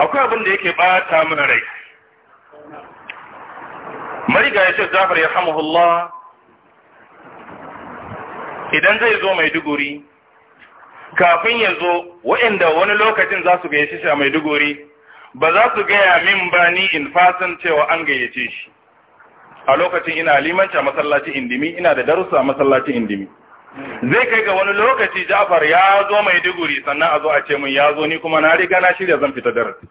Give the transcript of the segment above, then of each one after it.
akwai abin da yake bata mana rai mariga ya ce zafar ya hamahullah idan zai zo maiduguri kafin ya zo waɗanda wani lokacin za su gayyace shi a maiduguri ba za su gaya min ba ni in fasan cewa an gayyace shi a lokacin ina limanci a masallacin indimi ina da darussa a masallacin indimi zai kai ga wani lokaci Ja'far ya zo mai diguri sannan a zo a ce mun ya zo ni kuma na riga na shirya zan fita darasi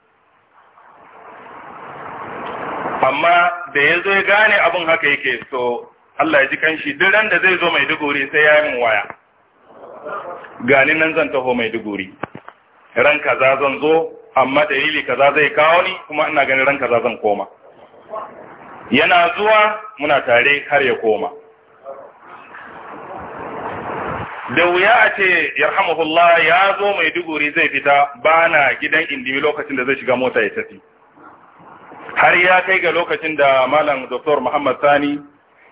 amma da ya zo ya gane abin haka yake so Allah ya ji kanshi duk ran da zai zo mai diguri sai ya yi mun waya gani nan zan taho mai diguri ran kaza zan zo amma dalili kaza zai kawo ni kuma ina ganin ran kaza zan koma yana zuwa muna tare har ya koma da wuya a ce yarhamahullah ya zo mai duguri zai fita bana gidan indimi lokacin da zai shiga mota ya tafi har ya kai ga lokacin da malam Dr. Muhammad Sani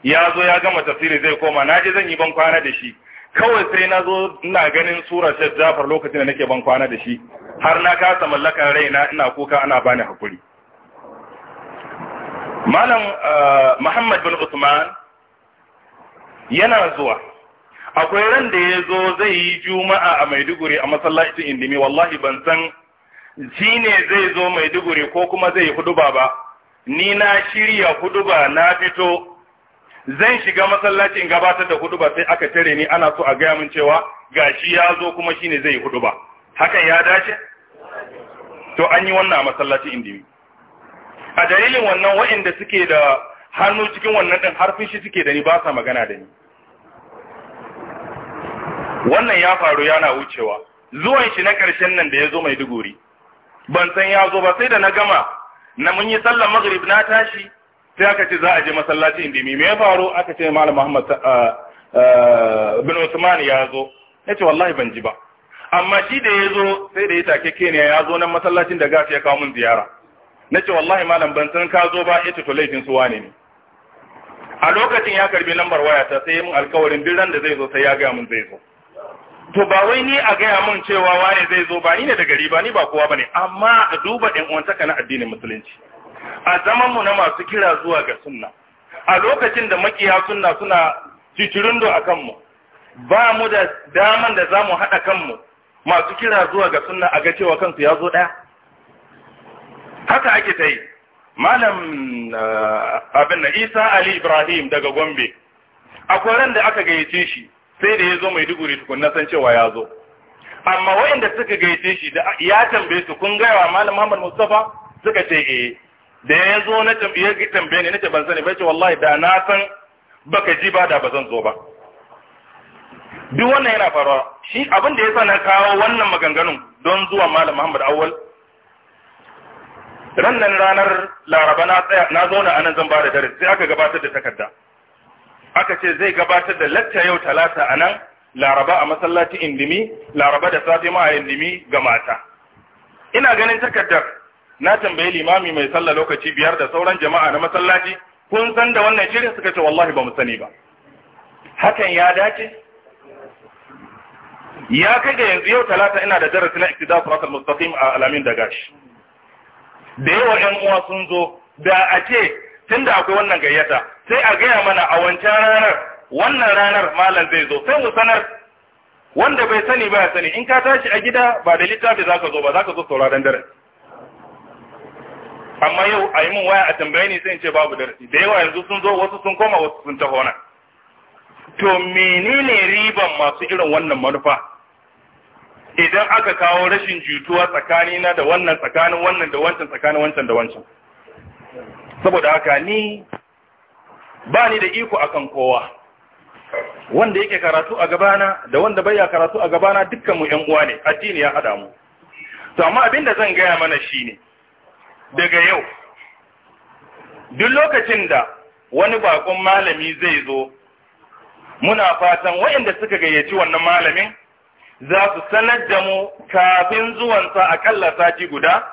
ya zo ya gama tafsiri zai koma na je zan yi ban kwana da shi kawai sai na zo ina ganin sura Sheikh Jafar lokacin da nake ban kwana da shi har na kasa mallakan raina ina kuka ana bani hakuri malam eh, Muhammad bin Usman yana zuwa akwai ran da ya zo zai yi juma'a a maiduguri a masallacin indimi wallahi ban san shi ne zai zo maiduguri ko kuma zai yi huduba ba ni na shirya huduba na fito zan shiga masallacin gabatar da huduba sai aka tare ni ana so a gaya min cewa gashi ya zo kuma shi ne zai yi huduba hakan ya dace to an yi wannan a masallacin indimi a dalilin wannan waɗanda suke da hannu cikin wannan ɗin harfin shi suke da ni ba sa magana da ni wannan ya faru yana wucewa zuwan shi na ƙarshen nan da ya zo Maiduguri ban san ya zo ba sai da na gama na mun yi sallar maghrib na tashi sai aka ce za a je masallaci indimi me ya faru aka ce malam Muhammad uh, uh, bin Usman ya zo nace wallahi ban ji ba amma shi da ya zo sai da ya take keniya ya zo nan masallacin da gafi ya kawo mun ziyara nace wallahi malam ban san ka zo ba yace to laifin su wane ne a lokacin ya karbi lambar wayata sai mun alƙawarin duk ran da zai zo sai ya ga mun zai zo to ba wai ni a gaya mun cewa waye zai zo ba ni ne da gari ba ni ba kowa bane amma a duba ɗin uwantaka na addinin musulunci a zaman mu na masu kira zuwa ga sunna a lokacin da makiya sunna suna cicirindo a kanmu ba mu da daman da za mu haɗa kanmu masu kira zuwa ga sunna a ga cewa kansu ya zo ɗaya haka ake ta yi malam eh, abin isa ali ibrahim daga gombe a da aka gayyace shi sai da ya zo mai duguri tukun san cewa ya zo amma waɗanda suka gaishe shi da ya tambaye su kun gaya wa malam Muhammad Mustafa suka ce eh da ya zo na tambaye tambaye ne nace ban sani ba ce wallahi da na san baka ji ba da ba zan zo ba duk wannan yana faruwa shi abin da sa na kawo wannan maganganun don zuwa malam Muhammad Awwal rannan ranar Laraba na tsaya na zauna a nan zan ba da dare, sai aka gabatar da takarda aka ce zai gabatar da latta yau talata a nan laraba a masallaci indimi laraba da safe ma a indimi ga mata ina ganin takardar na tambayi limami mai sallah lokaci biyar da sauran jama'a na masallaci kun san da wannan shirin suka ce wallahi ba mu sani ba hakan ya dace ya kai ga yanzu yau talata ina da darasi na iktida siratal mustaqim a alamin da gashi da yawa 'yan uwa sun zo da a ce tunda akwai wannan gayyata sai a gaya mana a wancan ranar wannan ranar malam zai zo sai mu sanar wanda bai sani ba ya sani in ka tashi a gida ba da littafi za ka zo ba za ka zo sauraron darasi amma yau a yi min waya a tambaye ni sai in ce babu darasi da yawa yanzu sun zo wasu sun koma wasu sun taho nan to menene riban masu irin wannan manufa idan aka kawo rashin jituwa tsakanina da wannan tsakanin wannan da wancan tsakanin wancan da wancan saboda haka ni ba ni da iko akan kowa wanda yake karatu a gabana da wanda baya karatu a gabana dukkan mu uwa ne addini ya hada mu to amma abin da zan gaya mana shi ne. daga yau duk lokacin da wani bakon malami zai zo muna fatan waɗanda suka gayyaci wannan malamin za su sanar da mu kafin zuwansa akalla sati guda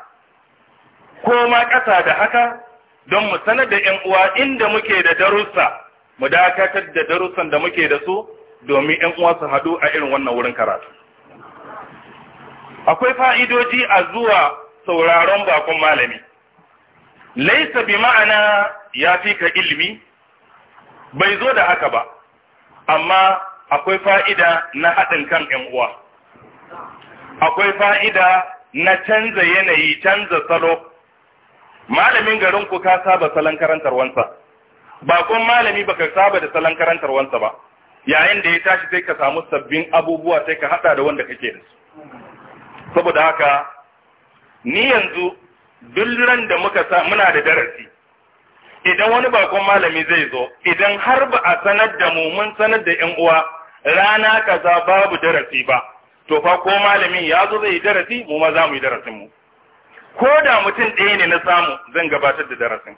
ko ma ƙasa da haka don mu sanar da ‘yan uwa inda muke da darussa, mu dakatar da darussan da muke da su domin ‘yan uwa su haɗu a irin wannan wurin karatu. Akwai fa'idoji a zuwa sauraron bakon malami. Laisa bi ma'ana ya fi ka ilimi, bai zo da haka ba, amma akwai fa'ida na haɗin kan ‘yan uwa. Akwai fa'ida na canza yanayi, canza salo. malamin garin ku ka saba salon karantarwansa bakon malami baka saba da salon karantarwansa ba yayin da ya tashi sai ka samu sabbin abubuwa sai ka hada da wanda kake da su saboda haka ni yanzu duk ran da muka sa muna da darasi idan wani bakon malami zai zo idan har ba a sanar da mu mun sanar da yan uwa rana kaza babu darasi ba to fa ko malamin ya zo zai yi darasi mu ma za mu yi darasin mu ko da mutum ɗaya ne na samu zan gabatar da darasin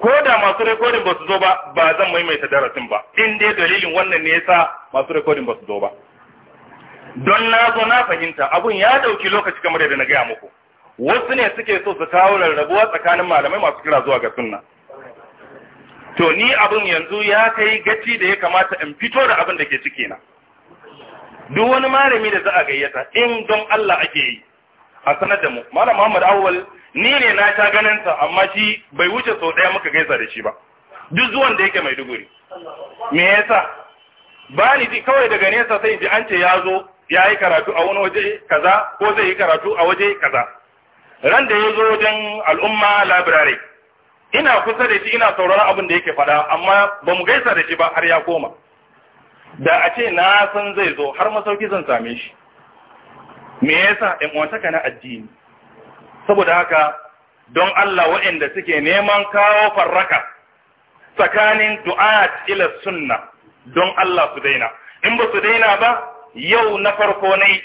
ko da masu rikodin ba su zo ba ba zan maimaita darasin ba in dai dalilin wannan ne yasa masu rikodin ba su zo ba don na zo na fahimta abun ya ɗauki lokaci kamar yadda na gaya muku wasu ne suke so su kawo rarrabuwa tsakanin malamai masu kira zuwa ga sunna to ni abin yanzu ya kai gaci da ya kamata in fito da abin da ke ciki na duk wani malami da za a gayyata in don Allah ake yi a sanar da mu malam Muhammad Awwal ni ne na ta ganin sa amma shi bai wuce sau daya muka gaisa da shi ba duk zuwan da yake Maiduguri me yasa ba ni ji kawai daga nesa sai ji an ce ya zo ya yi karatu a wani waje kaza ko zai yi karatu a waje kaza ran da ya zo wajen al'umma labirare ina kusa da shi ina sauraron abin da yake faɗa amma ba mu gaisa da shi ba har ya koma da a ce na san zai zo har masauki zan same shi me yasa ɗan wataka na addini saboda haka don Allah waɗanda suke neman kawo farraka tsakanin du'at ila sunna don Allah su daina in ba su daina ba yau na farko ne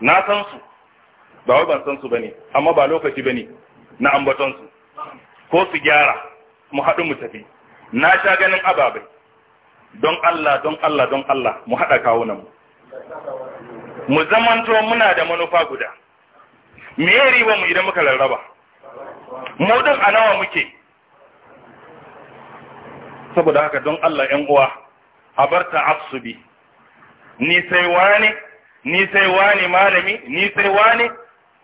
na san su ba wai ban san su bane amma ba lokaci bane na ambaton su ko su gyara mu haɗu mu tafi na sha ganin ababai don Allah don Allah don Allah mu haɗa kawo nan mu zamanto muna da manufa guda me ya riba mu idan muka rarraba mu duk a nawa muke saboda haka don Allah ɗan uwa a bar ta'assubi ni sai wani ni sai wani malami ni sai wani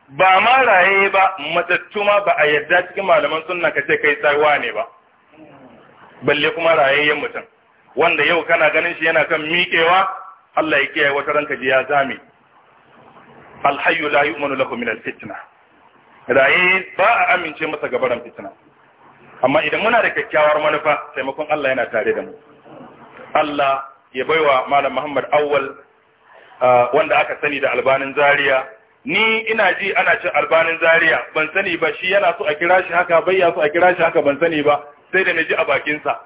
ba ma raye ba matattu ma ba a yadda cikin malaman sunna ka ce kai sai wani ba balle kuma rayayyen mutum wanda yau kana ganin shi yana kan miƙewa Allah ya kiyaye wata ranka ji ya zame alhayyu la yu'manu lahu min alfitna raye ba a amince masa gabaran fitna amma idan muna da kyakkyawar manufa taimakon Allah yana tare da mu Allah ya baiwa malam Muhammad Awwal wanda aka sani da albanin Zaria ni ina ji ana cin albanin Zaria ban sani ba shi yana so a kira shi haka bai ya so a kira shi haka ban sani ba sai da naji a bakin sa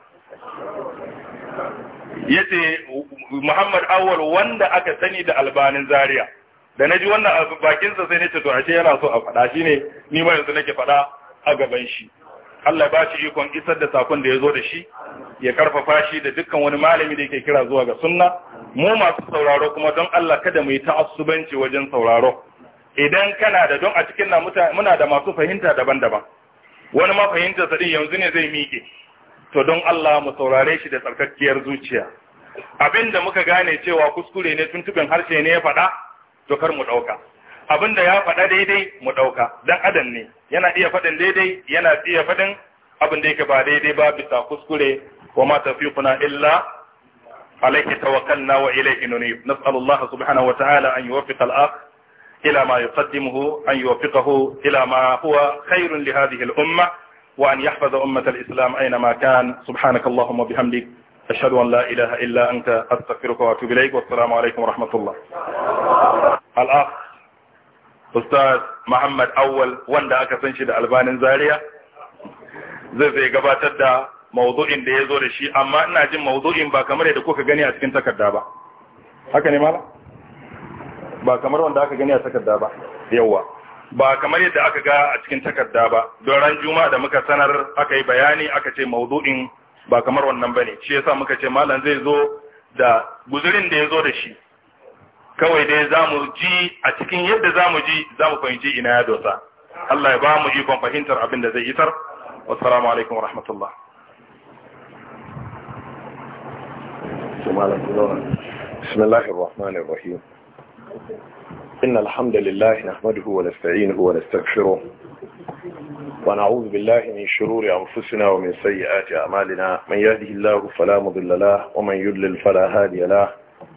yace Muhammad Awwal wanda aka sani da albanin Zaria da na ji wannan bakinsa sai na ce to ashe yana so a faɗa shi ne ni ma yanzu nake faɗa a gaban shi Allah ba shi ikon isar da sakon da ya zo da shi ya karfafa shi da dukkan wani malami da yake kira zuwa ga sunna mu masu sauraro kuma don Allah kada mu yi ta'assubanci wajen sauraro idan kana da don a cikin na muna da masu fahimta daban-daban wani ma fahimta sa din yanzu ne zai miƙe to don Allah mu saurare shi da tsarkakkiyar zuciya abinda muka gane cewa kuskure ne tuntuɓin harshe ne ya faɗa to kar mu ɗauka abin da ya faɗa daidai mu ɗauka dan adam ne yana iya faɗin daidai yana iya faɗin abin da yake ba daidai ba bisa kuskure wa ma kuna illa alayhi tawakkalna wa ilai nunib nas'alu Allah subhanahu wa ta'ala an yi al-akh ila ma yuqaddimuhu an yuwaffiqahu ila ma huwa khairun li hadhihi al-umma wa an yahfaza ummata al-islam aina ma kan subhanaka allahumma bihamdik ashhadu an la ilaha illa anta astaghfiruka wa atubu ilayk wa assalamu alaykum wa al'aq ustaz muhammad awwal wanda aka san shi da albanin zaria zai zai gabatar da mawudu'in da ya zo da shi amma ina jin mawudu'in ba kamar yadda kuka gani a cikin takarda ba haka ne mala ba kamar wanda aka gani a takarda ba yawa ba kamar yadda aka ga a cikin takarda ba don ran juma'a da muka sanar aka yi bayani aka ce mawudu'in ba kamar wannan bane shi yasa muka ce malam zai zo da guzurin da ya zo da shi kawai dai za mu ji a cikin yadda za mu ji za mu fahimci ina ya dosa Allah ya ba mu ikon fahimtar abin da zai isar wassalamu alaikum warahmatullah بسم الله الرحمن الرحيم إن الحمد لله نحمده ونستعينه ونستغفره ونعوذ بالله من شرور أنفسنا ومن سيئات أعمالنا من يهده الله فلا مضل له ومن يضلل فلا هادي له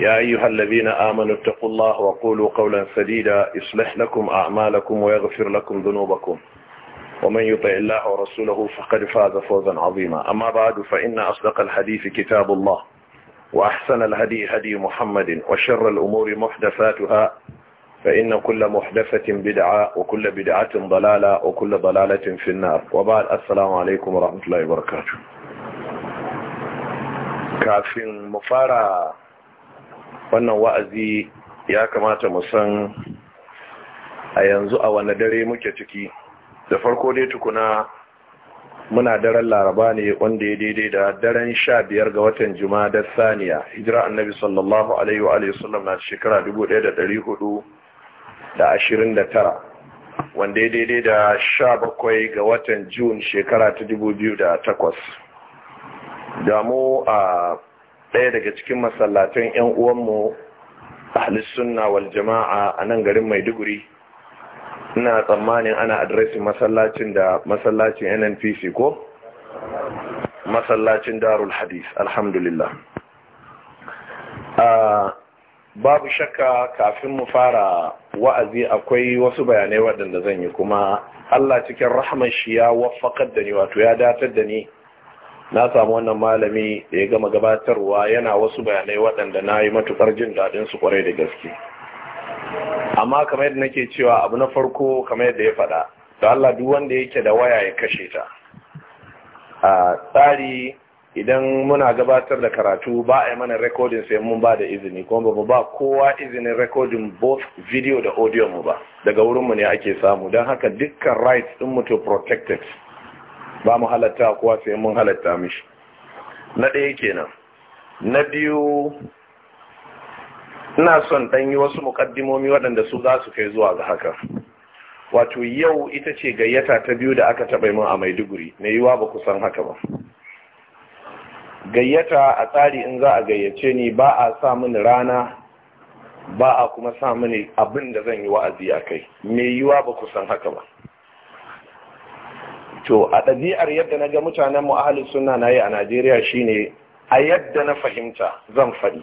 يا أيها الذين آمنوا اتقوا الله وقولوا قولا سديدا يصلح لكم أعمالكم ويغفر لكم ذنوبكم ومن يطع الله ورسوله فقد فاز فوزا عظيما أما بعد فإن أصدق الحديث كتاب الله وأحسن الهدي هدي محمد وشر الأمور محدثاتها فإن كل محدثة بدعة وكل بدعة ضلالة وكل ضلالة في النار وبعد السلام عليكم ورحمة الله وبركاته كافي المفارقة wannan wa'azi ya kamata mu san a yanzu a wane dare muke ciki da farko dai tukuna muna daren laraba ne wanda ya daidai da daren sha biyar ga watan Juma da saniya hijira annabi sallallahu alaihi wa alaihi sallam na shekara tara, wanda ya daidai da sha bakwai ga watan jun shekara ta dubu biyu da takwas. damu a ɗaya daga cikin masallatan 'yan uwanmu ahli sunna wal jama'a a nan garin maiduguri ina tsammanin ana adresin masallacin da masallacin nnpc ko masallacin darul hadis alhamdulillah babu shakka kafin mu fara wa'azi akwai wasu bayanai waɗanda zan yi kuma allah cikin rahman shi ya wafakar da ni wato ya datar da ni na samu wannan malami da ya gama gabatarwa yana wasu bayanai waɗanda na yi matuƙar jin daɗin su ƙwarai da gaske amma kamar yadda nake cewa abu na farko kamar yadda ya faɗa da Allah duk wanda yake da waya ya kashe ta a tsari idan muna gabatar da karatu ba a yi mana rekodin sai mun ba da izini kuma ba ba kowa izinin rekodin both video da audio mu ba daga wurin mu ne ake samu don haka dukkan rights ɗin mu protected ba mu halatta kuwa sai mun halatta mishi na ɗaya kenan na biyu ina son ɗan yi wasu muƙaddimomi waɗanda su za su kai zuwa ga haka wato yau ita ce gayyata ta biyu da aka taɓa mun a maiduguri mai yiwa ba kusan haka ba gayyata a tsari in za a gayyace ni ba a sa mini rana ba a kuma sa mini abin da zan yi wa'azi a kai mai yiwa ba kusan haka ba to a ɗabi'ar yadda na ga mutanen mu ahalin suna na yi a najeriya shine a yadda na fahimta zan faɗi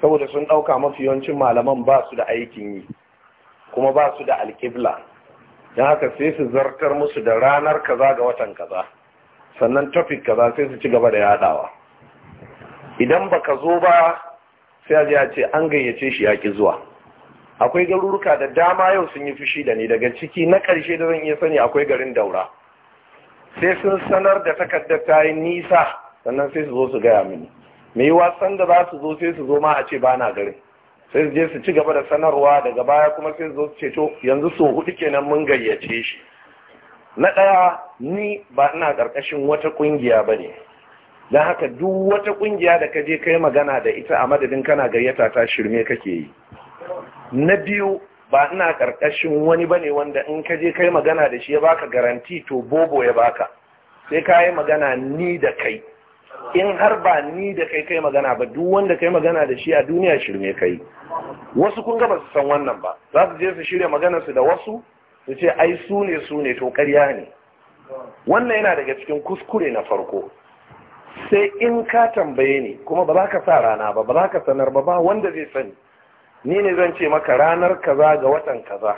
saboda sun ɗauka mafi yawancin malaman ba su da aikin yi kuma ba su da alƙibla don haka sai su zartar musu da ranar kaza ga watan kaza sannan tafi kaza sai su ci gaba da yaɗawa idan ba ka zo ba sai a ce an gayyace shi yaƙi zuwa akwai garuruka da dama yau sun yi fushi da ni daga ciki na ƙarshe da zan iya sani akwai garin daura sai sun sanar da takardar ta yi nisa sannan sai su zo su gaya mini me yi wasan da za su zo sai su zo ma a ce ba na garin sai su je su ci gaba da sanarwa daga baya kuma sai su zo su ce to yanzu so hudu kenan mun gayyace shi na ɗaya ni ba ina ƙarƙashin wata ƙungiya ba ne don haka duk wata ƙungiya da ka je kai magana da ita a madadin kana gayyata ta shirme kake yi na biyu ba ina karkashin wani bane wanda in ka je kai magana da shi ya baka garanti to bobo ya baka sai ka yi magana ni da kai in har ba ni da kai kai magana ba duk wanda kai magana da shi a duniya shirme kai wasu kun ga ba su san wannan ba za su je su shirya magana su da wasu su ce ai su ne su ne to ƙarya ne wannan yana daga cikin kuskure na farko sai in ka tambaye ni kuma ba za ka sa rana ba ba za ka sanar ba ba wanda zai sani ni ne zan ce maka ranar kaza ga watan kaza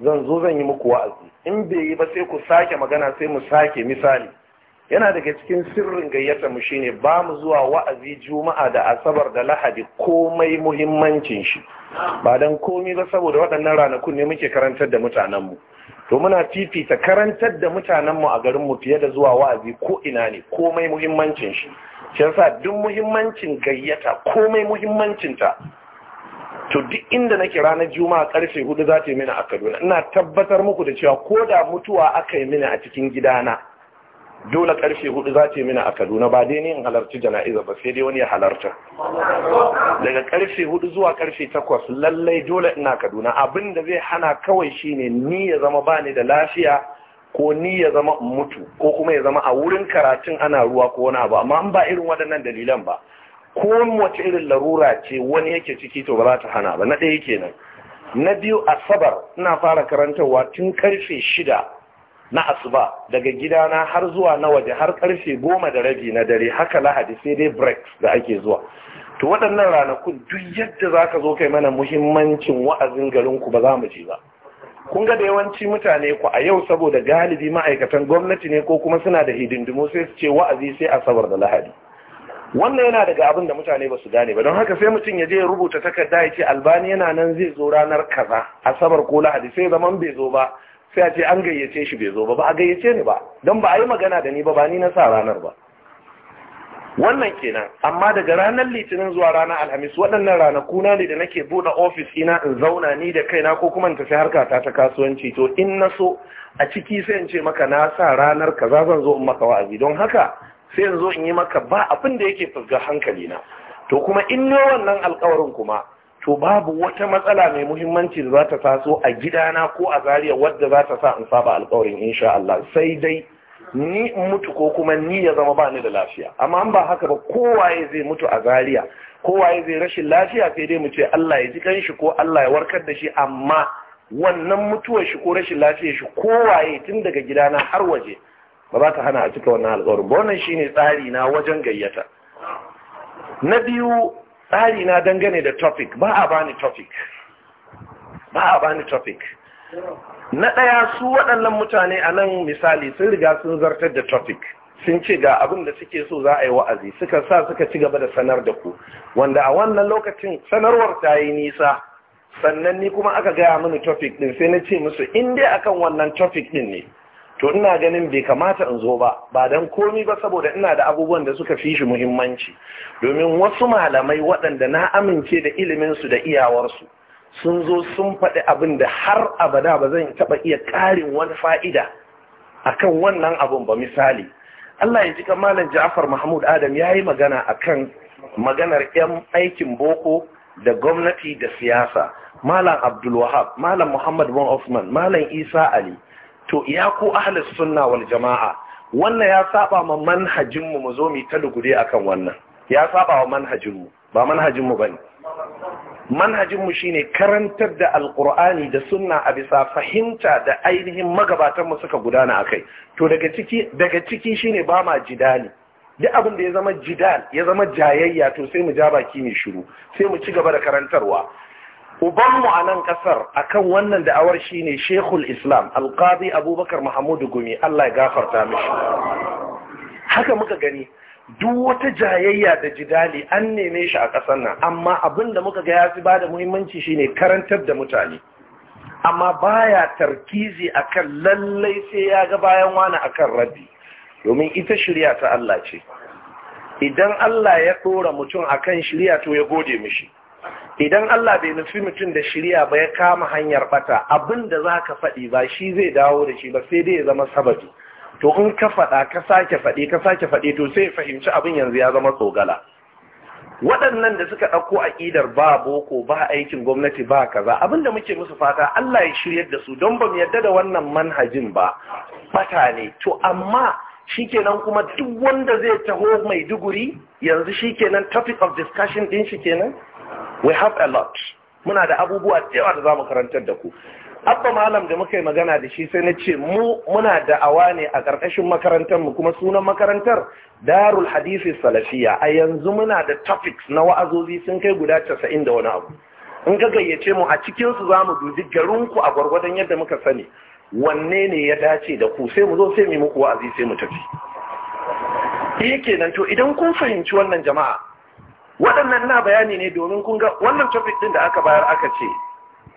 zan zo zan yi muku wa'azi in bai yi ba sai ku sake magana sai mu sake misali yana daga cikin sirrin gayyata mu shine ba mu zuwa wa'azi juma'a da asabar da lahadi komai muhimmancin shi ba dan komai ba saboda waɗannan ranakun ne muke karantar da mutanen mu to muna fifita karantar da mutanen mu a garin mu fiye da zuwa wa'azi ko ina ne komai muhimmancin shi shi yasa duk muhimmancin gayyata komai muhimmancinta. to duk inda nake ranar juma'a karfe hudu za ta yi mini a kaduna ina tabbatar muku da cewa ko da mutuwa aka yi mini a cikin gidana dole karfe hudu za ta yi mini a kaduna ba dai ne in halarci jana'iza ba sai dai wani ya halarta daga karfe hudu zuwa karfe takwas lallai dole ina kaduna abin da zai hana kawai shine ni ya zama bani da lafiya ko ni ya zama mutu ko kuma ya zama a wurin karatun ana ruwa ko wani abu amma an ba irin waɗannan dalilan ba ko wace irin larura ce wani yake ciki to ba za ta hana ba na ɗaya kenan na biyu asabar ina fara karantarwa tun karfe shida na asuba daga gidana har zuwa na waje har karfe goma da rabi na dare haka lahadi sai dai breaks da ake zuwa to waɗannan ranakun duk yadda za ka zo kai mana muhimmancin wa'azin garinku ba za mu je ba kun ga da yawanci mutane ku a yau saboda galibi ma'aikatan gwamnati ne ko kuma suna da hidindimu sai su ce wa'azi sai asabar da lahadi wannan yana daga abin da mutane ba su gane ba don haka sai mutum ya je ya rubuta takarda ya ce albani yana nan zai zo ranar kaza asabar ko lahadi sai zaman bai zo ba sai a ce an gayyace shi bai zo ba ba a gayyace ni ba don ba a yi magana da ni ba ba ni na sa ranar ba wannan kenan amma daga ranar litinin zuwa ranar alhamis waɗannan ranaku na ne da nake buɗe ofis ina in zauna ni da kaina ko kuma in tafi harka ta ta kasuwanci to in na so a ciki sai in ce maka na sa ranar kaza zan zo in maka wa'azi don haka sai yanzu in yi maka ba abin da yake fusga hankali na to kuma in ne wannan alkawarin kuma to babu wata matsala mai muhimmanci da za ta taso a gidana ko a zariya wadda za ta sa in saba alkawarin insha Allah sai dai ni in mutu ko kuma ni ya zama ba ni da lafiya amma an ba haka ba kowaye zai mutu a zariya kowaye zai rashin lafiya sai dai mu ce Allah ya ji kanshi ko Allah ya warkar da shi amma wannan mutuwar shi ko rashin lafiyar shi kowaye tun daga gidana har waje ba za ka hana a cika wannan alkawarin ba wannan shine tsari na wajen gayyata na biyu tsari na dangane da topic ba a bani topic ba a bani topic na ɗaya su waɗannan mutane a nan misali sun riga sun zartar da topic sun ce ga abin da suke so za a yi wa'azi suka sa suka ci gaba da sanar da ku wanda a wannan lokacin sanarwar ta yi nisa sannan ni kuma aka gaya mini topic din sai na ce musu in dai akan wannan topic din ne to ina ganin bai kamata in zo ba ba don komi ba saboda ina da abubuwan da suka fi shi muhimmanci domin wasu malamai waɗanda na amince da iliminsu da iyawarsu sun zo sun faɗi abin da har abada ba zan taɓa iya ƙarin wani fa'ida A kan wannan abin ba misali Allah ya ji malam Ja'far Mahmud Adam ya yi magana a kan maganar 'yan aikin boko da gwamnati da siyasa malam Abdul malam Muhammad bin Osman malam Isa Ali to ya ku ahlus sunna wal jama'a wannan ya saba ma manhajinmu mu mu zo mu ta lugude akan wannan ya saba wa manhajin ba manhajin mu bane manhajin mu shine karantar da alqur'ani da sunna a bisa fahimta da ainihin magabatan mu suka gudana akai to daga ciki daga ciki shine ba ma jidali duk abin da ya zama jidal ya zama jayayya to sai mu ja baki mai shiru sai mu ci gaba da karantarwa ubanmu a nan kasar akan wannan da'awar shine shekul islam alqadi abubakar mahamudu gumi allah ya gafarta mishi haka muka gani duk wata jayayya da jidali an neme shi a ƙasar nan amma abin da muka ga ya fi ba da muhimmanci shine karantar da mutane amma baya tarkizi akan lallai sai ya ga bayan wani akan rabi domin ita shirya ta Allah ce idan Allah ya tsora mutum akan shirya to ya gode mishi idan Allah bai nufi mutum da shirya ba ya kama hanyar bata abin da za ka faɗi ba shi zai dawo da shi ba sai dai ya zama sababi to in ka faɗa ka sake faɗi ka sake faɗi to sai fahimci abin yanzu ya zama tsogala waɗannan da suka ɗauko aƙidar ba boko ba aikin gwamnati ba kaza abin da muke musu fata Allah ya shiryar da su don ba mu yarda da wannan manhajin ba bata ne to amma shikenan kuma duk wanda zai taho mai duguri yanzu shikenan topic of discussion din shi kenan we have a lot muna da abubuwa cewa da zamu karantar da ku abba malam da muka yi magana da shi sai na ce mu muna da'awa ne a ƙarƙashin makarantar mu kuma sunan makarantar darul hadisi salafiya a yanzu muna da topics na wa'azozi sun kai guda casa'in da wani abu in ka gayyace mu a cikin su zamu dubi garin ku a gwargwadon yadda muka sani wanne ne ya dace da ku sai mu zo sai mu muku wa'azi sai mu tafi E, kenan to idan kun fahimci wannan jama'a waɗannan na bayani ne domin kun ga wannan topic din da aka bayar aka ce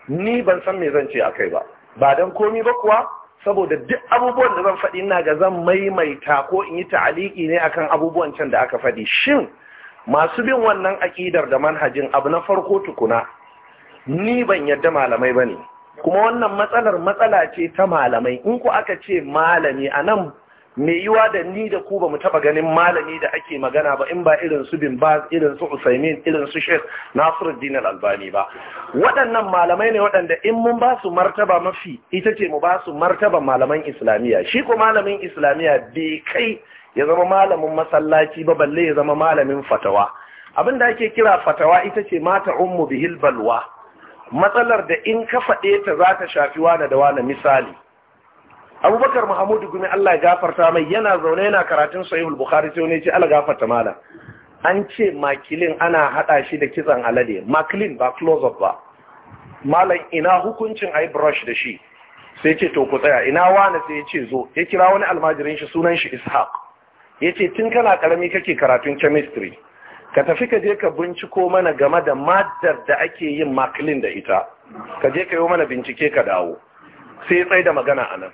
ni ban san me zan ce akai ba ba dan komi ba kuwa saboda duk abubuwan da zan faɗi ina ga zan maimaita ko in yi ta'aliki ne akan abubuwan can da aka faɗi shin masu bin wannan aƙidar da manhajin abu na farko tukuna ni ban yadda malamai bane kuma wannan matsalar matsala ce ta malamai in ku aka ce malami a nan. mai yiwa da ni da ku ba mu taba ganin malami da ake magana ba in ba irin su bin baz irin su usaimin irin su sheikh nasiruddin albani ba waɗannan malamai ne waɗanda in mun ba su martaba mafi ita ce mu ba su martaba malaman islamiyya shi ko malamin islamiyya bai kai ya zama malamin masallaci ba balle ya zama malamin fatawa abin da ake kira fatawa ita ce mata ummu bihil balwa matsalar da in ka faɗe ta za ta shafi wane da wane misali abubakar mahamudu gumi allah ya gafarta mai yana zaune yana karatun sahihul bukhari sai wani ce allah gafarta mala an ce makilin ana hada shi da kitsan alade makilin ba close up ba malam ina hukuncin ai brush da shi sai ce to ku tsaya ina wani sai ya ce zo ya kira wani almajirin shi sunan shi ishaq ya ce tun kana karami kake karatun chemistry ka tafi ka je ka binciko mana game da maddar da ake yin makilin da ita ka je ka yi mana bincike ka dawo sai ya tsaye da magana anan.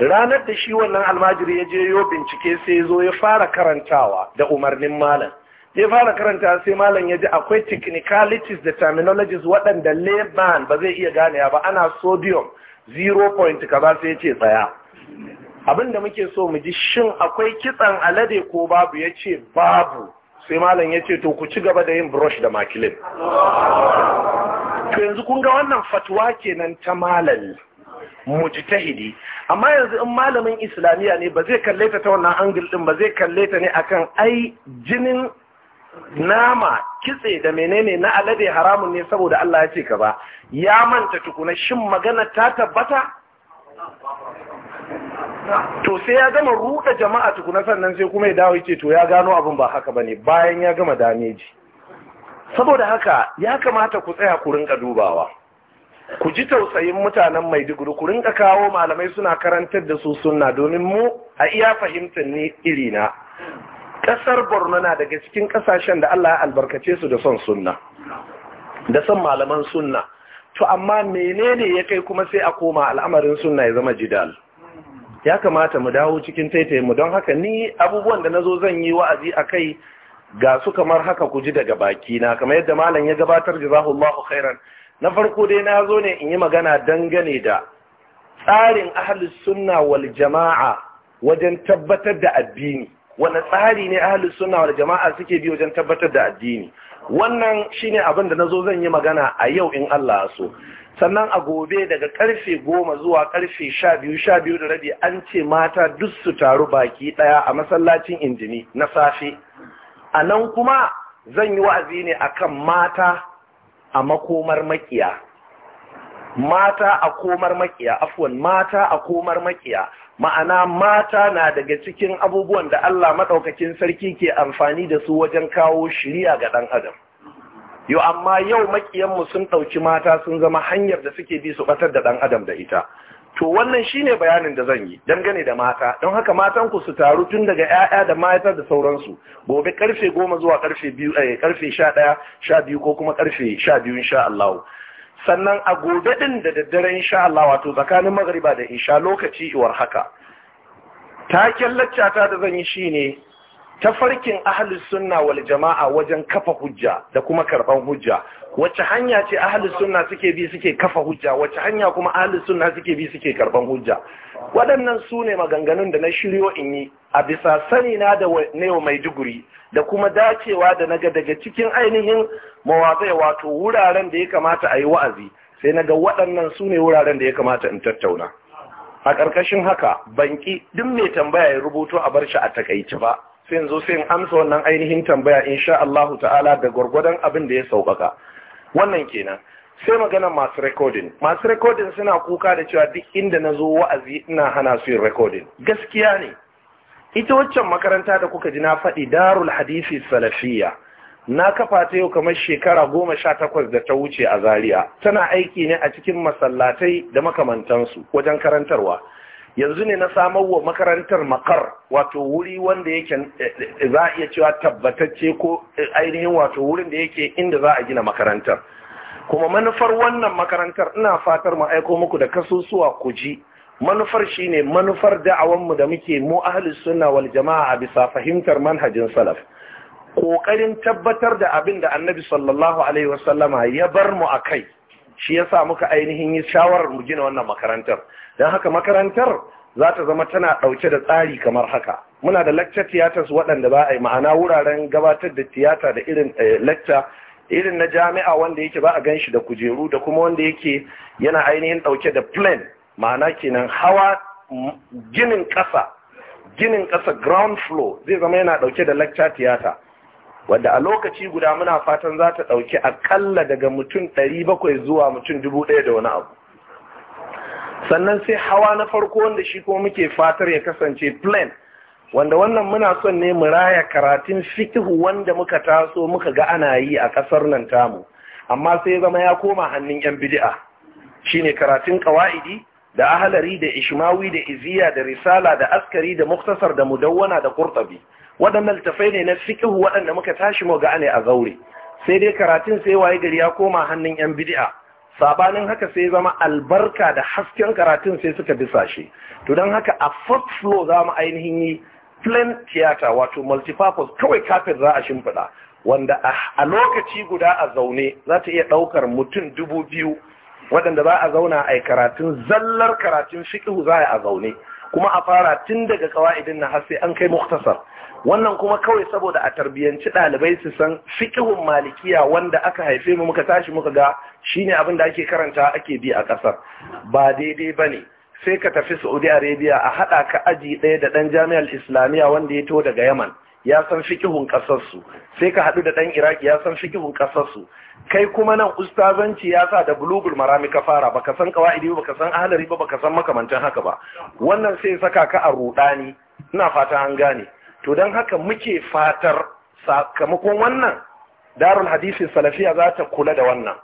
ranar da shi wannan almajiri ya je yo bincike sai ya zo ya fara karantawa da umarnin malam ya fara karanta sai malam ya ji akwai technicalities da terminologies waɗanda layman ba zai iya gane ba ana sodium 0. kaza sai ya ce tsaya abinda muke so mu ji shin akwai kitsan alade ko babu ya ce babu sai malam ya ce to ku ci gaba da yin brush da makilin to yanzu kun ga wannan fatuwa kenan ta malami mujtahidi amma yanzu in malamin islamiyya ne ba zai kalle ta ta wannan angle din ba zai kalle ta ne akan ai jinin nama kitse da menene na alade haramun ne saboda Allah ya ce ka ba ya manta tukuna shin magana ta tabbata to sai ya gama ruɗa jama'a tukuna sannan sai kuma ya dawo yace to ya gano abin ba haka bane bayan ya gama dameji saboda haka ya kamata ku tsaya ku rinka dubawa ku ji tausayin mutanen maiduguri ku rinka kawo malamai suna karantar da su sunna domin mu a iya fahimtar ne irina ƙasar borno na daga cikin ƙasashen da allah ya albarkace su da son sunna da son malaman sunna to amma menene ya kai kuma sai a koma al'amarin sunna ya zama jidal ya kamata mu dawo cikin taitayinmu don haka ni abubuwan da na zo zan yi wa'azi a kai ga su kamar haka ku ji daga baki na kamar yadda malam ya gabatar jazahullahu khairan na farko dai na zo ne in yi magana dangane da tsarin ahalus suna wal jama'a wajen tabbatar da addini wani tsari ne ahalus suna wal jama'a suke bi wajen tabbatar da addini wannan shine abin da na zo zan yi magana a yau in Allah so sannan a gobe daga karfe goma zuwa karfe sha biyu sha biyu da rabi an ce mata duk su taru baki ɗaya a masallacin injini na safe a nan kuma zan yi wa'azi ne akan mata a makomar makiya mata a komar makiya afwan mata a komar makiya ma'ana mata na daga cikin abubuwan da Allah maɗaukakin sarki ke amfani da su wajen kawo shirya ga ɗan adam yo amma yau makiyanmu sun ɗauki mata sun zama hanyar da suke bi su ɓatar da ɗan adam da ita to wannan shine bayanin da zan yi dangane da mata don haka matan ku su taru tun daga 'ya'ya da mata da sauransu gobe karfe goma zuwa karfe biyu eh karfe sha ɗaya sha biyu ko kuma karfe sha biyu insha Allah sannan a gobe ɗin da daddare insha Allah wato tsakanin magariba da isha lokaci iwar haka taken lacca ta da zan yi shine tafarkin ahlus sunna wal jama'a wajen kafa hujja da kuma karban hujja wacce hanya ce ahlus sunna suke bi suke kafa hujja wacce hanya kuma ahlus sunna suke bi suke karban hujja waɗannan su ne maganganun da na shiryo in yi a bisa sani na da yau mai duguri da kuma dacewa da naga daga cikin ainihin mawazai wato wuraren da ya kamata a yi wa'azi sai naga waɗannan su ne wuraren da ya kamata in tattauna a ƙarƙashin haka banki duk mai tambaya ya rubuto a bar shi a takaici ba sai zo sai amsa wannan ainihin tambaya insha Allahu ta'ala da gwargwadon abin da ya sauƙaƙa wannan kenan sai magana masu rekodin masu rekodin suna kuka da cewa duk inda na zo wa'azi ina hana su yin rekodin gaskiya ne ita waccan makaranta da kuka ji na faɗi darul hadisi salafiya na kafa ta yau kamar shekara goma sha takwas da ta wuce a zaria tana aiki ne a cikin masallatai da makamantansu wajen karantarwa yanzu ne na samar wa makarantar makar wato wuri wanda yake za a iya cewa tabbatacce ko ainihin wato wurin da yake inda za a gina makarantar kuma manufar wannan makarantar ina fatar mu aiko muku da kasusuwa ku ji manufar shine manufar da'awanmu da muke mu ahli sunna wal jama'a a bisa fahimtar manhajin salaf kokarin tabbatar da abin da annabi sallallahu alaihi wasallama ya bar mu kai shi yasa muka ainihin yi shawarar mu gina wannan makarantar don haka makarantar za ta zama tana ɗauke da tsari kamar haka muna da lecture theaters waɗanda ba a yi ma'ana wuraren gabatar da tiyata da irin eh, lecture irin na jami'a wanda yake ba a gan shi da kujeru da kuma wanda yake yana ainihin ɗauke da plane ma'ana kenan hawa mm, ginin ƙasa ginin ƙasa ground floor zai zama yana ɗauke da lecture theater wadda a lokaci guda muna fatan za ta ɗauki akalla daga mutum ɗari bakwai zuwa mutum dubu ɗaya da wani abu sannan sai hawa na farko wanda shi kuma muke fatar ya kasance plain wanda wannan muna son ne mu raya karatun fikihu wanda muka taso muka ga ana yi a kasar nan tamu amma sai zama ya koma hannun yan bid'a shine karatun qawaidi da ahlari da ishmawi da iziya da risala da askari da muktasar da mudawwana da qurtabi waɗannan littafai ne na fikihu waɗanda muka tashi mu ga ne a zaure sai dai karatun sai waye gari ya koma hannun yan bidi'a. sabanin haka sai zama albarka da hasken karatun sai suka bisa shi to don haka a first floor za mu ainihin yi plain theater wato multipurpose kawai kafin za a shimfiɗa wanda a lokaci guda a zaune za ta iya ɗaukar mutum dubu biyu waɗanda za a zauna a yi karatun zallar karatun fiƙihu za a zaune kuma a fara tun daga kawa'idin na har an kai muktasar wannan kuma kawai saboda a tarbiyyanci ɗalibai su san fiƙihun malikiya wanda aka haife mu muka tashi muka ga shine abin da ake karanta ake bi a ƙasar. ba daidai ne. sai ka tafi Saudi Arabia a haɗa ka aji ɗaya da ɗan jami'ar Islamiyya wanda ya to daga Yaman ya san fikihun ƙasarsu sai ka haɗu da ɗan Iraki ya san fikihun ƙasarsu kai kuma nan ustazanci ya sa da bulugul marami ka fara baka san kawaidi baka san ahalari ba baka san makamantan haka ba wannan sai saka ka a ruɗani. ina fata an gane to dan haka muke fatar sakamakon wannan darul hadisi salafiya za ta kula da wannan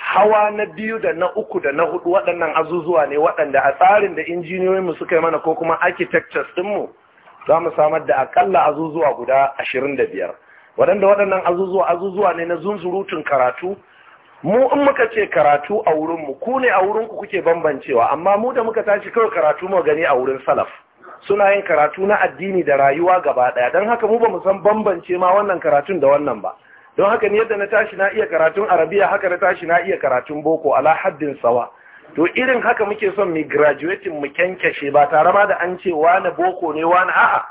hawa na biyu da na uku da na hudu waɗannan azuzuwa ne waɗanda a tsarin da injiniyoyinmu suka yi mana ko kuma architectures ɗinmu za mu samar da akalla azuzuwa guda ashirin da biyar waɗanda waɗannan azuzuwa azuzuwa ne na zunzurutun karatu mu in muka ce karatu a wurinmu ku ne a wurinku kuke bambancewa amma mu da muka tashi kawai karatu mu gani a wurin salaf suna yin karatu na addini da rayuwa gaba ɗaya don haka mu ba mu san bambance ma wannan karatun da wannan ba don haka ne yadda na tashi na iya karatun arabiya haka na tashi na iya karatun boko ala haddin sawa to irin haka muke son mu graduating mu kyankyashe ba tare ma da an ce wani boko ne wani a'a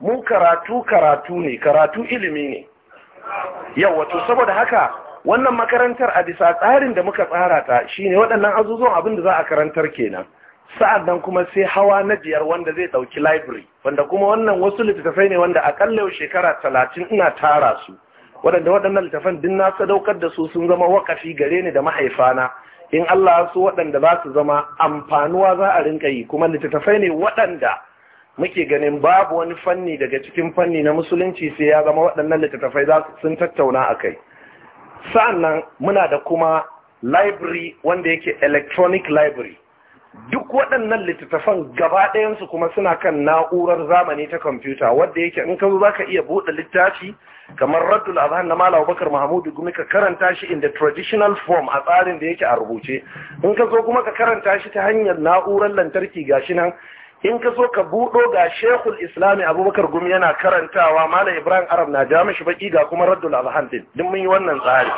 mu karatu karatu ne karatu ilimi ne yau wato saboda haka wannan makarantar a bisa tsarin da muka tsara ta shine waɗannan azuzuwan abin da za a karantar kenan sa'ad nan kuma sai hawa na biyar wanda zai ɗauki library wanda kuma wannan wasu littattafai ne wanda akalla shekara talatin ina tara su waɗanda waɗannan littafan din na sadaukar da su sun zama wakafi gare ni da mahaifana in Allah su waɗanda za su zama amfanuwa za a rinka yi kuma littattafai ne waɗanda muke ganin babu wani fanni daga cikin fanni na musulunci sai ya zama waɗannan littattafai za su sun tattauna a kai sa'annan muna da kuma library wanda yake electronic library duk waɗannan littattafan gaba ɗayansu kuma suna kan na'urar zamani ta kwamfuta wadda yake in ka za ka iya buɗe littafi kamar raddul azhar na malam Abubakar mahamudu gumi ka karanta shi in the traditional form a tsarin da yake a rubuce in ka zo kuma ka karanta shi ta hanyar na'urar lantarki gashi nan in ka so ka buɗo ga shekul islami abubakar gumi yana karantawa malam ibrahim arab na jami'a shi baki ga kuma raddul azhar din mun yi wannan tsari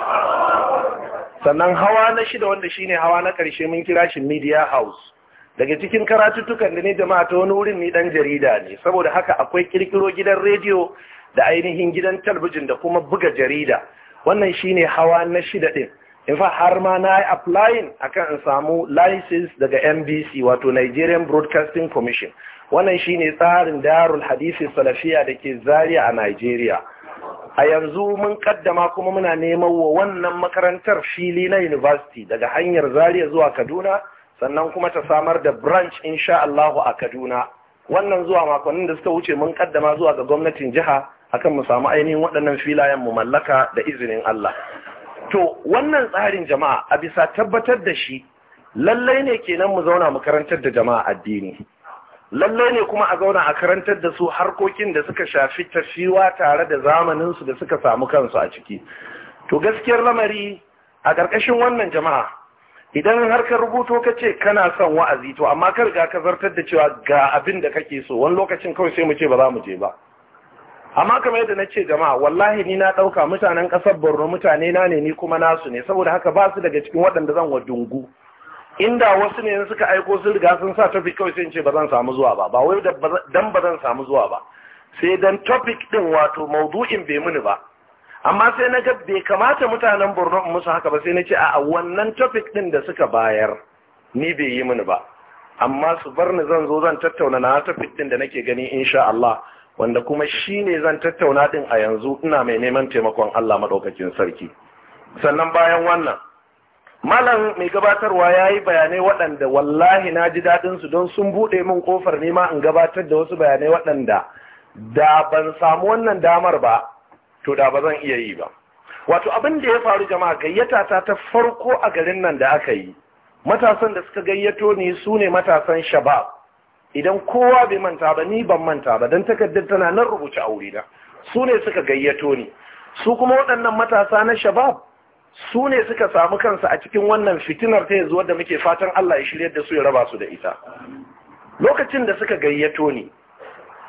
sannan hawa na shida wanda shine hawa na ƙarshe mun kira shi media house daga cikin karatuttukan da ne jama'a ta wani wurin ni dan jarida ne saboda haka akwai kirkiro gidan rediyo da ainihin gidan talabijin da kuma buga jarida wannan shine hawa na shida ɗin in fa har ma na yi applying akan in samu license daga NBC wato Nigerian Broadcasting Commission wannan shine tsarin darul hadisi salafiya da ke Zariya a Nigeria a yanzu mun kaddama kuma muna neman wa wannan makarantar fili na university daga hanyar zaria zuwa kaduna sannan kuma ta samar da branch insha Allahu a kaduna wannan zuwa makonnin da suka wuce mun kaddama zuwa ga gwamnatin jiha akan mu samu ainihin waɗannan filayen mu mallaka da izinin Allah to wannan tsarin jama'a a bisa tabbatar da shi lallai ne kenan mu zauna mu karantar da jama'a addini lallai ne kuma a zauna a karantar da su harkokin da suka shafi tafiwa tare da zamaninsu da suka samu kansu a ciki to gaskiyar lamari a ƙarƙashin wannan jama'a idan har ka rubuto ka ce kana son wa'azi to amma kar ga ka zartar da cewa ga abin da kake so wani lokacin kawai sai mu ce ba za mu je ba amma kamar yadda na ce jama'a wallahi ni na ɗauka mutanen ƙasar borno mutane na ne ni kuma nasu ne saboda haka ba su daga cikin waɗanda zan wa dungu inda wasu ne suka aiko sun riga sun sa topic kawai sai ce ba zan samu zuwa ba ba wai dan ba zan samu zuwa ba sai dan topic din wato maudu'in bai muni ba amma sai na ga bai kamata mutanen Borno in musu haka ba sai na ce a wannan topic din da suka bayar ni bai yi muni ba amma su bar ni zan zo zan tattauna na topic din da nake gani insha Allah wanda kuma shine zan tattauna din a yanzu ina mai neman taimakon Allah madaukakin sarki sannan bayan wannan malam mai gabatarwa ya yi bayanai waɗanda wallahi na ji daɗinsu don sun buɗe min ƙofar nema in gabatar da wasu bayanai waɗanda da ban samu wannan damar ba to da ba zan iya yi ba wato abin da ya faru jama'a gayyata ta ta farko a garin nan da aka yi matasan da suka gayyato ni su ne matasan shabab idan kowa bai manta ba ni ban manta ba don takardar tana nan rubuce a wurina su ne suka gayyato ni su kuma waɗannan matasa na shabab su ne suka samu kansu a cikin wannan fitinar ta yanzu wadda muke fatan Allah ya shirya da su ya raba su da ita lokacin da suka gayyato ni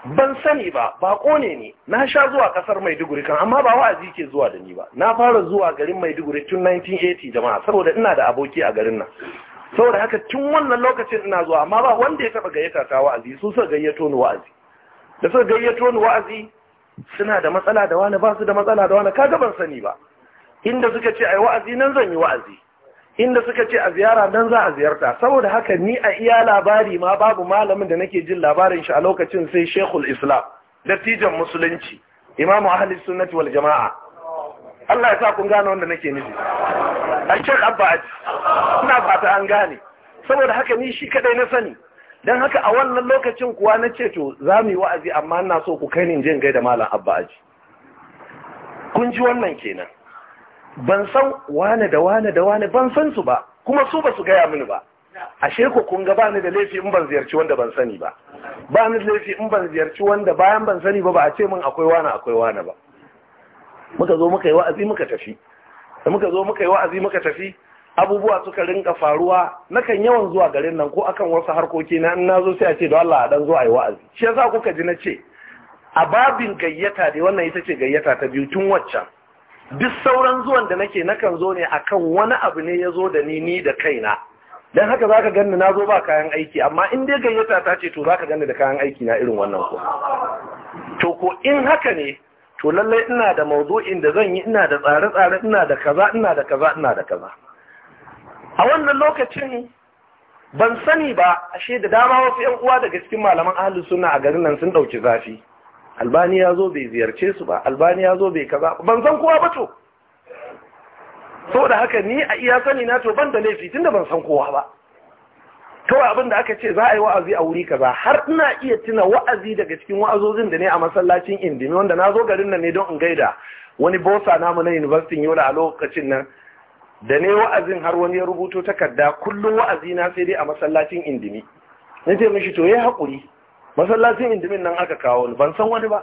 ban sani ba ba ƙone ne na sha zuwa kasar Maiduguri kan amma ba wa'azi ke zuwa da ni ba na fara zuwa garin Maiduguri tun 1980 jama'a saboda ina da aboki a garin nan saboda haka tun wannan lokacin ina zuwa amma ba wanda ya taba gayyata ta wa'azi su suka gayyato ni wa'azi da suka gayyato ni wa'azi suna da matsala da wani ba su da matsala da wani kaga ban sani ba inda suka ce ai wa'azi nan zan yi wa'azi inda suka ce a ziyara nan za a ziyarta saboda haka ni a iya labari ma babu malamin da nake jin labarin shi a lokacin sai shekul Islam dattijan musulunci imamu ahalis sunnati wal jama'a Allah ya sa kun gane wanda nake nufi a Sheikh Abba ina fata an gane saboda haka ni shi kadai na sani dan haka a wannan lokacin kuwa na ce to za mu yi wa'azi amma ina so ku kai ni jin gaida malam abba aji kun ji wannan kenan ban san wane da wane da wane ban san su ba kuma su ba su gaya mini ba A ko kun ga bani da laifi in ban ziyarci wanda ban sani ba bani da laifi in ban ziyarci wanda bayan ban sani ba ba a ce min akwai wane akwai wane ba muka zo muka yi wa'azi muka tafi da muka zo muka yi wa'azi muka tafi abubuwa suka rinka faruwa nakan yawan zuwa garin nan ko akan wasu harkoki na na zo sai a ce da Allah a dan zo a yi wa'azi shi yasa kuka ji na ce a babin gayyata dai wannan ita ce gayyata ta biyu tun waccan duk sauran zuwan da nake nakan zo ne akan wani abu ne ya zo da ni ni da kaina don haka za ka ganni na zo ba kayan aiki amma in dai gayyata ta ce to za ka ganni da kayan aiki na irin wannan ko to ko in haka ne to lallai ina da mawdu'in da zan yi ina da tsare-tsare ina da kaza ina da kaza ina da kaza a wannan lokacin ban sani ba ashe da dama wasu 'yan uwa daga cikin malaman ahlus sunna a garin nan sun ɗauki zafi albani ya zo bai ziyarce su ba albani ya zo bai kaza ban san kowa ba to so da haka ni a iya sani na to ban da laifi tunda ban san kowa ba kawai abin da aka ce za a yi wa'azi a wuri kaza har ina iya tuna wa'azi daga cikin wa'azozin da ne a masallacin indimi wanda na zo garin nan ne don in gaida wani bosa namu na university yola a lokacin nan da ne wa'azin har wani ya rubuto takarda kullum wa'azi na sai dai a masallacin indimi na ce mishi to yayi hakuri masallacin injimin nan aka kawo ni ban san wani ba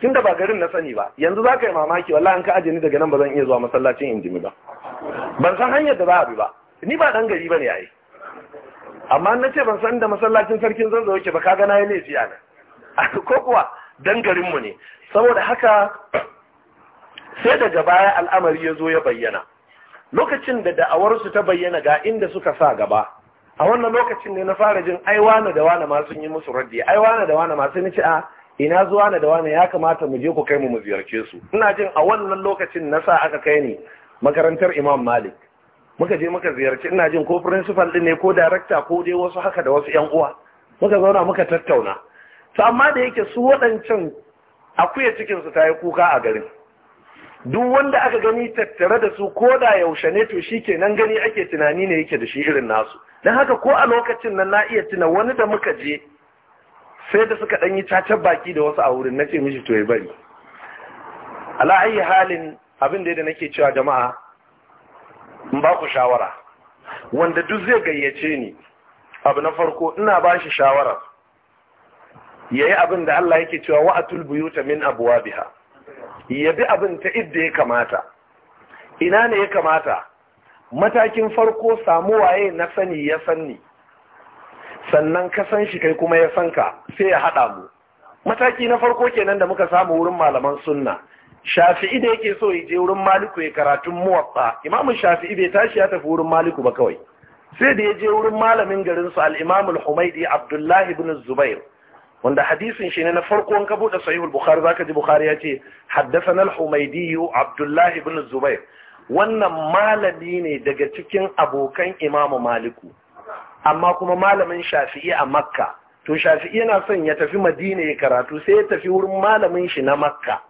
tun da ba garin na sani ba yanzu za ka yi mamaki Wala an ka aje ni daga nan ba zan iya zuwa masallacin injimi ba ban san hanyar da za a bi ba ni ba dan gari ba ne yayi amma na ce ban san da masallacin sarkin zanzo yake ba kaga na yi laifi a nan ko kuwa dan garin mu ne saboda haka sai daga baya al'amari ya zo ya bayyana lokacin da da'awarsu ta bayyana ga inda suka sa gaba a wannan lokacin ne na fara jin ai wane da wane ma yi musu raddi ai wane da wane ma sun a ah, ina zuwa na da wane ya kamata mu je ku kai mu mu ziyarce su ina jin a wannan lokacin na sa aka kai ni makarantar Imam Malik muka je muka ziyarci ina jin ko principal din ne ko director ko dai wasu haka da wasu yan uwa muka zauna muka tattauna to amma da yake su waɗancan akuya cikin su tayi kuka a garin duk wanda aka gani tattare da su ko da yaushe ne to shikenan gani ake tunani ne yake da shi irin nasu don haka ko a lokacin nan na iya tuna wani da muka je sai da suka ɗanyi cacar baki da wasu a wurin na ce mishi to ya bari ala'ayi halin abin da nake cewa jama'a in ba ku shawara wanda duk zai gayyace ni abu na farko ina ba shi shawara ya yi abin da Allah yake cewa wa'atul buyuta min abuwa biha ya bi abin ta idda ya kamata ina ne ya kamata matakin farko samu waye na sani ya sanni sannan ka san shi kai kuma ya sanka sai ya haɗa mu mataki na farko kenan da muka samu wurin malaman sunna shafi'i da yake so ya je wurin maliku ya karatun muwaffa imamu shafi'i bai tashi ya tafi wurin maliku ba kawai sai da ya je wurin malamin garin su al al-humaidi abdullahi ibn zubair wanda hadisin shi ne na farko an ka da sahihul bukhari zaka ji bukhari ya ce haddathana al-humaidi abdullahi ibn zubair wannan malami ne daga cikin abokan imamu maliku amma kuma malamin shafi'i a makka to shafi'i yana son ya tafi madina ya karatu sai ya tafi wurin malamin shi na makka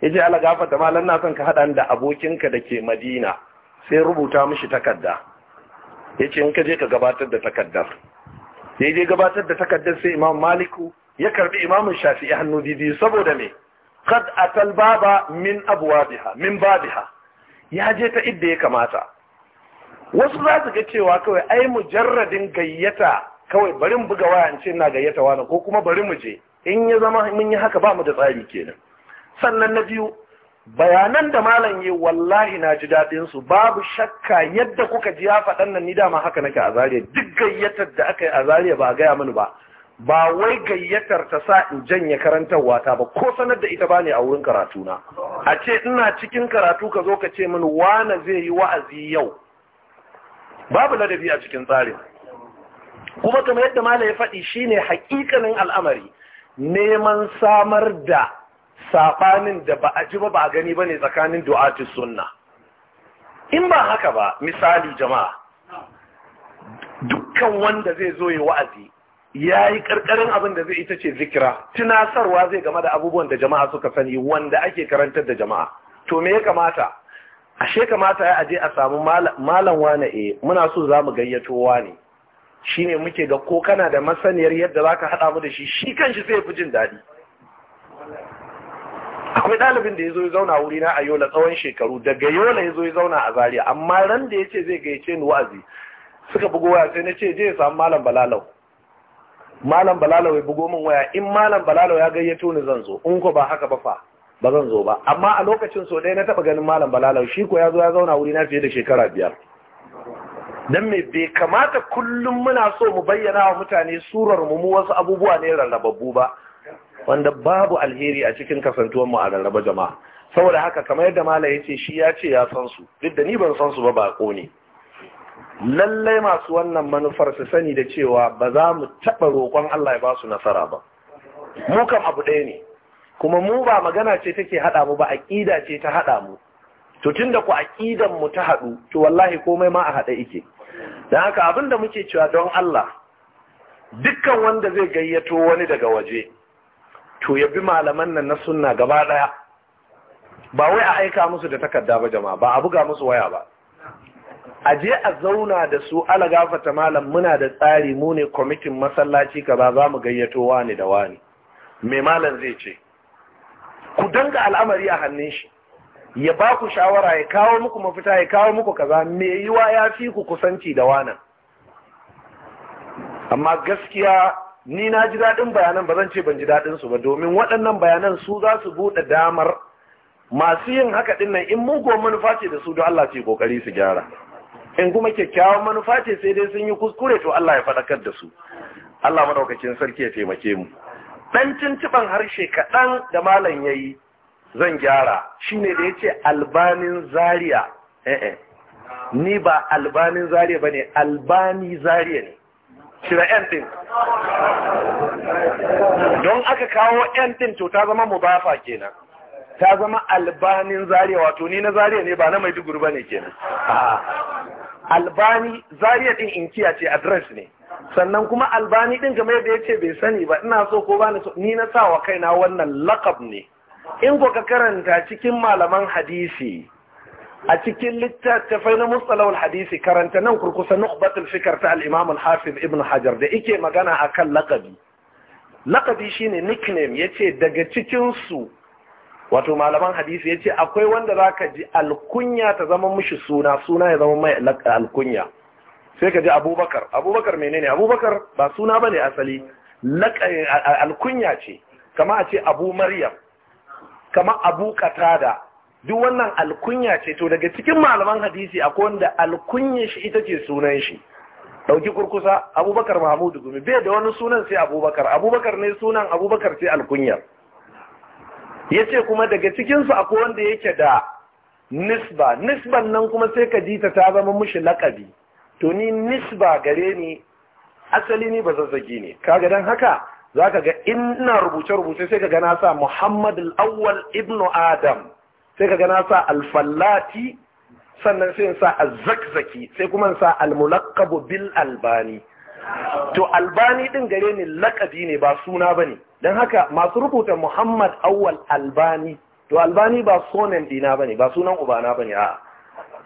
ya ce ala gafata malam na son ka haɗa da abokinka da ke madina sai rubuta mishi takarda ya ce in ka je ka gabatar da takardar ya je gabatar da takardar sai imam maliku ya karbi imamun shafi'i hannu bibiyu saboda me kad atal baba min abuwa biha min babiha ya je ta idda ya kamata wasu za su ga cewa kawai ai mu jarradin gayyata kawai bari mu buga waya ce na gayyata wani ko kuma bari mu je in ya zama mun yi haka ba mu da tsari kenan sannan na biyu bayanan da malam yi wallahi na ji daɗin su babu shakka yadda kuka ji ya faɗan nan ni dama haka nake a zariya duk gayyatar da aka yi a zariya ba a gaya mini ba ba wai gayyatar ta sa in janye karantarwa ta ba ko sanar da ita bane a wurin karatu na a ce ina cikin karatu ka zo ka ce mini wane zai yi wa'azi yau babu ladabi a cikin tsarin kuma kamar yadda malam ya faɗi shine haƙiƙanin al'amari neman samar da saɓanin da ba a ji ba ba gani ne tsakanin du'atu sunna in ba haka ba misali jama'a dukkan wanda zai zo yi wa'azi ya yi karkarin abin da zai ita ce zikira tunasarwa zai game da abubuwan da jama'a suka sani wanda ake karantar da jama'a to me ya kamata ashe kamata ya aje a samu malam wane eh muna so za mu gayyato wane shine muke ga ko kana da masaniyar yadda za ka haɗa mu da shi shi kanshi zai fi jin daɗi. akwai ɗalibin da ya zo ya zauna wuri na a yola tsawon shekaru daga yola ya zo ya zauna a zaria amma ran da ya ce zai gayyace ni wa'azi suka bugo waya sai na ce je ya samu malam balalau malam balalawa ya bugo min waya in malam balalawa ya gayyato ni zan zo in ko ba haka ba fa ba zan zo ba amma a lokacin so dai na taba ganin malam balalawa shi ko ya zo ya zauna wuri na fiye da shekara biyar dan me bai kamata kullum muna so mu bayyana wa mutane surar mu wasu abubuwa ne rarrababbu ba wanda babu alheri a cikin kasantuwar mu a rarraba jama'a saboda haka kamar yadda malam yace shi ya ce ya san su duk da ni ban san su ba ba ko ne lallai masu wannan manufar su sani da cewa ba za mu taɓa roƙon Allah ya ba su nasara ba mu kan abu ɗaya ne kuma mu ba magana ce take haɗa mu ba aƙida ce ta haɗa mu to tunda ku aƙidan mu ta haɗu to wallahi komai ma a haɗa ike don haka abin da muke cewa don Allah dukkan wanda zai gayyato wani daga waje to ya bi malaman nan na sunna gaba ɗaya ba wai a aika musu da takarda ba jama'a ba a buga musu waya ba a je a zauna da su ala gafata malam muna da tsari mu ne kwamitin masallaci ka ba za mu gayyato wani da wani mai malam zai ce ku danga al'amari a hannun shi ya ba ku shawara ya kawo muku mafita ya kawo muku kaza me yiwa ya fi ku kusanci da wanan amma gaskiya ni na ji daɗin bayanan ba zan ce ban ji daɗin su ba domin waɗannan bayanan su za su buɗe damar masu yin haka ɗin nan in mugun manufa ce da su don Allah ce kokari su gyara in kuma kyakkyawan manufa ce sai dai sun yi kuskure to Allah ya faɗakar da su Allah madaukakin sarki ya taimake mu dan cinciban harshe kaɗan da malam yayi zan gyara shine da yace albanin zaria eh eh ni ba albanin zaria bane albani zaria ne shira yan din don aka kawo yan din to ta zama mubafa kenan ta zama albanin zaria wato ni na zaria ne ba na mai duguru bane kenan albani zariya ɗin inkiya ce address ne sannan kuma albani ɗin game da yace bai sani ba ina so ko bani so ni na sawa kaina wannan lakab ne in ko ka karanta cikin malaman hadisi a cikin littattafai na mustalahul hadisi karanta nan kurkusa nukhbatul fikar ta al-imam al-hafiz ibn hajar da ike magana akan lakabi lakabi shine nickname yace daga cikin su wato malaman hadisi ya ce akwai wanda za ka ji alkunya ta zama mushi suna suna ya zama mai alkunya sai ka ji abubakar abubakar menene abubakar ba suna ba ne asali alkunya ce kama a ce abu maryam kama abu katada duk wannan alkunya ce to daga cikin malaman hadisi akwai wanda alkunya shi ita ce sunan shi dauki kurkusa abubakar mahamudu gumi bai da wani sunan sai abubakar abubakar ne sunan abubakar sai alkunyar Ya ce kuma daga cikinsu akwai wanda yake da nisba nisban nan kuma sai ka ji ta ta zama mushi lakabi to ni nisba gare ni asali ni ba zazzagi ne kaga dan haka za ka ga ina rubuce rubuce sai ka na sa Muhammad al'awwal ibn Adam sai ka na sa alfallati sannan sai sa az sai kuma sa almulakabu bil Albani to Albani din gare ni laƙabi ne ba suna ba ne. don haka masu rubuta muhammad awwal albani to albani ba sunan dina ba ne ba sunan ubana ba ne a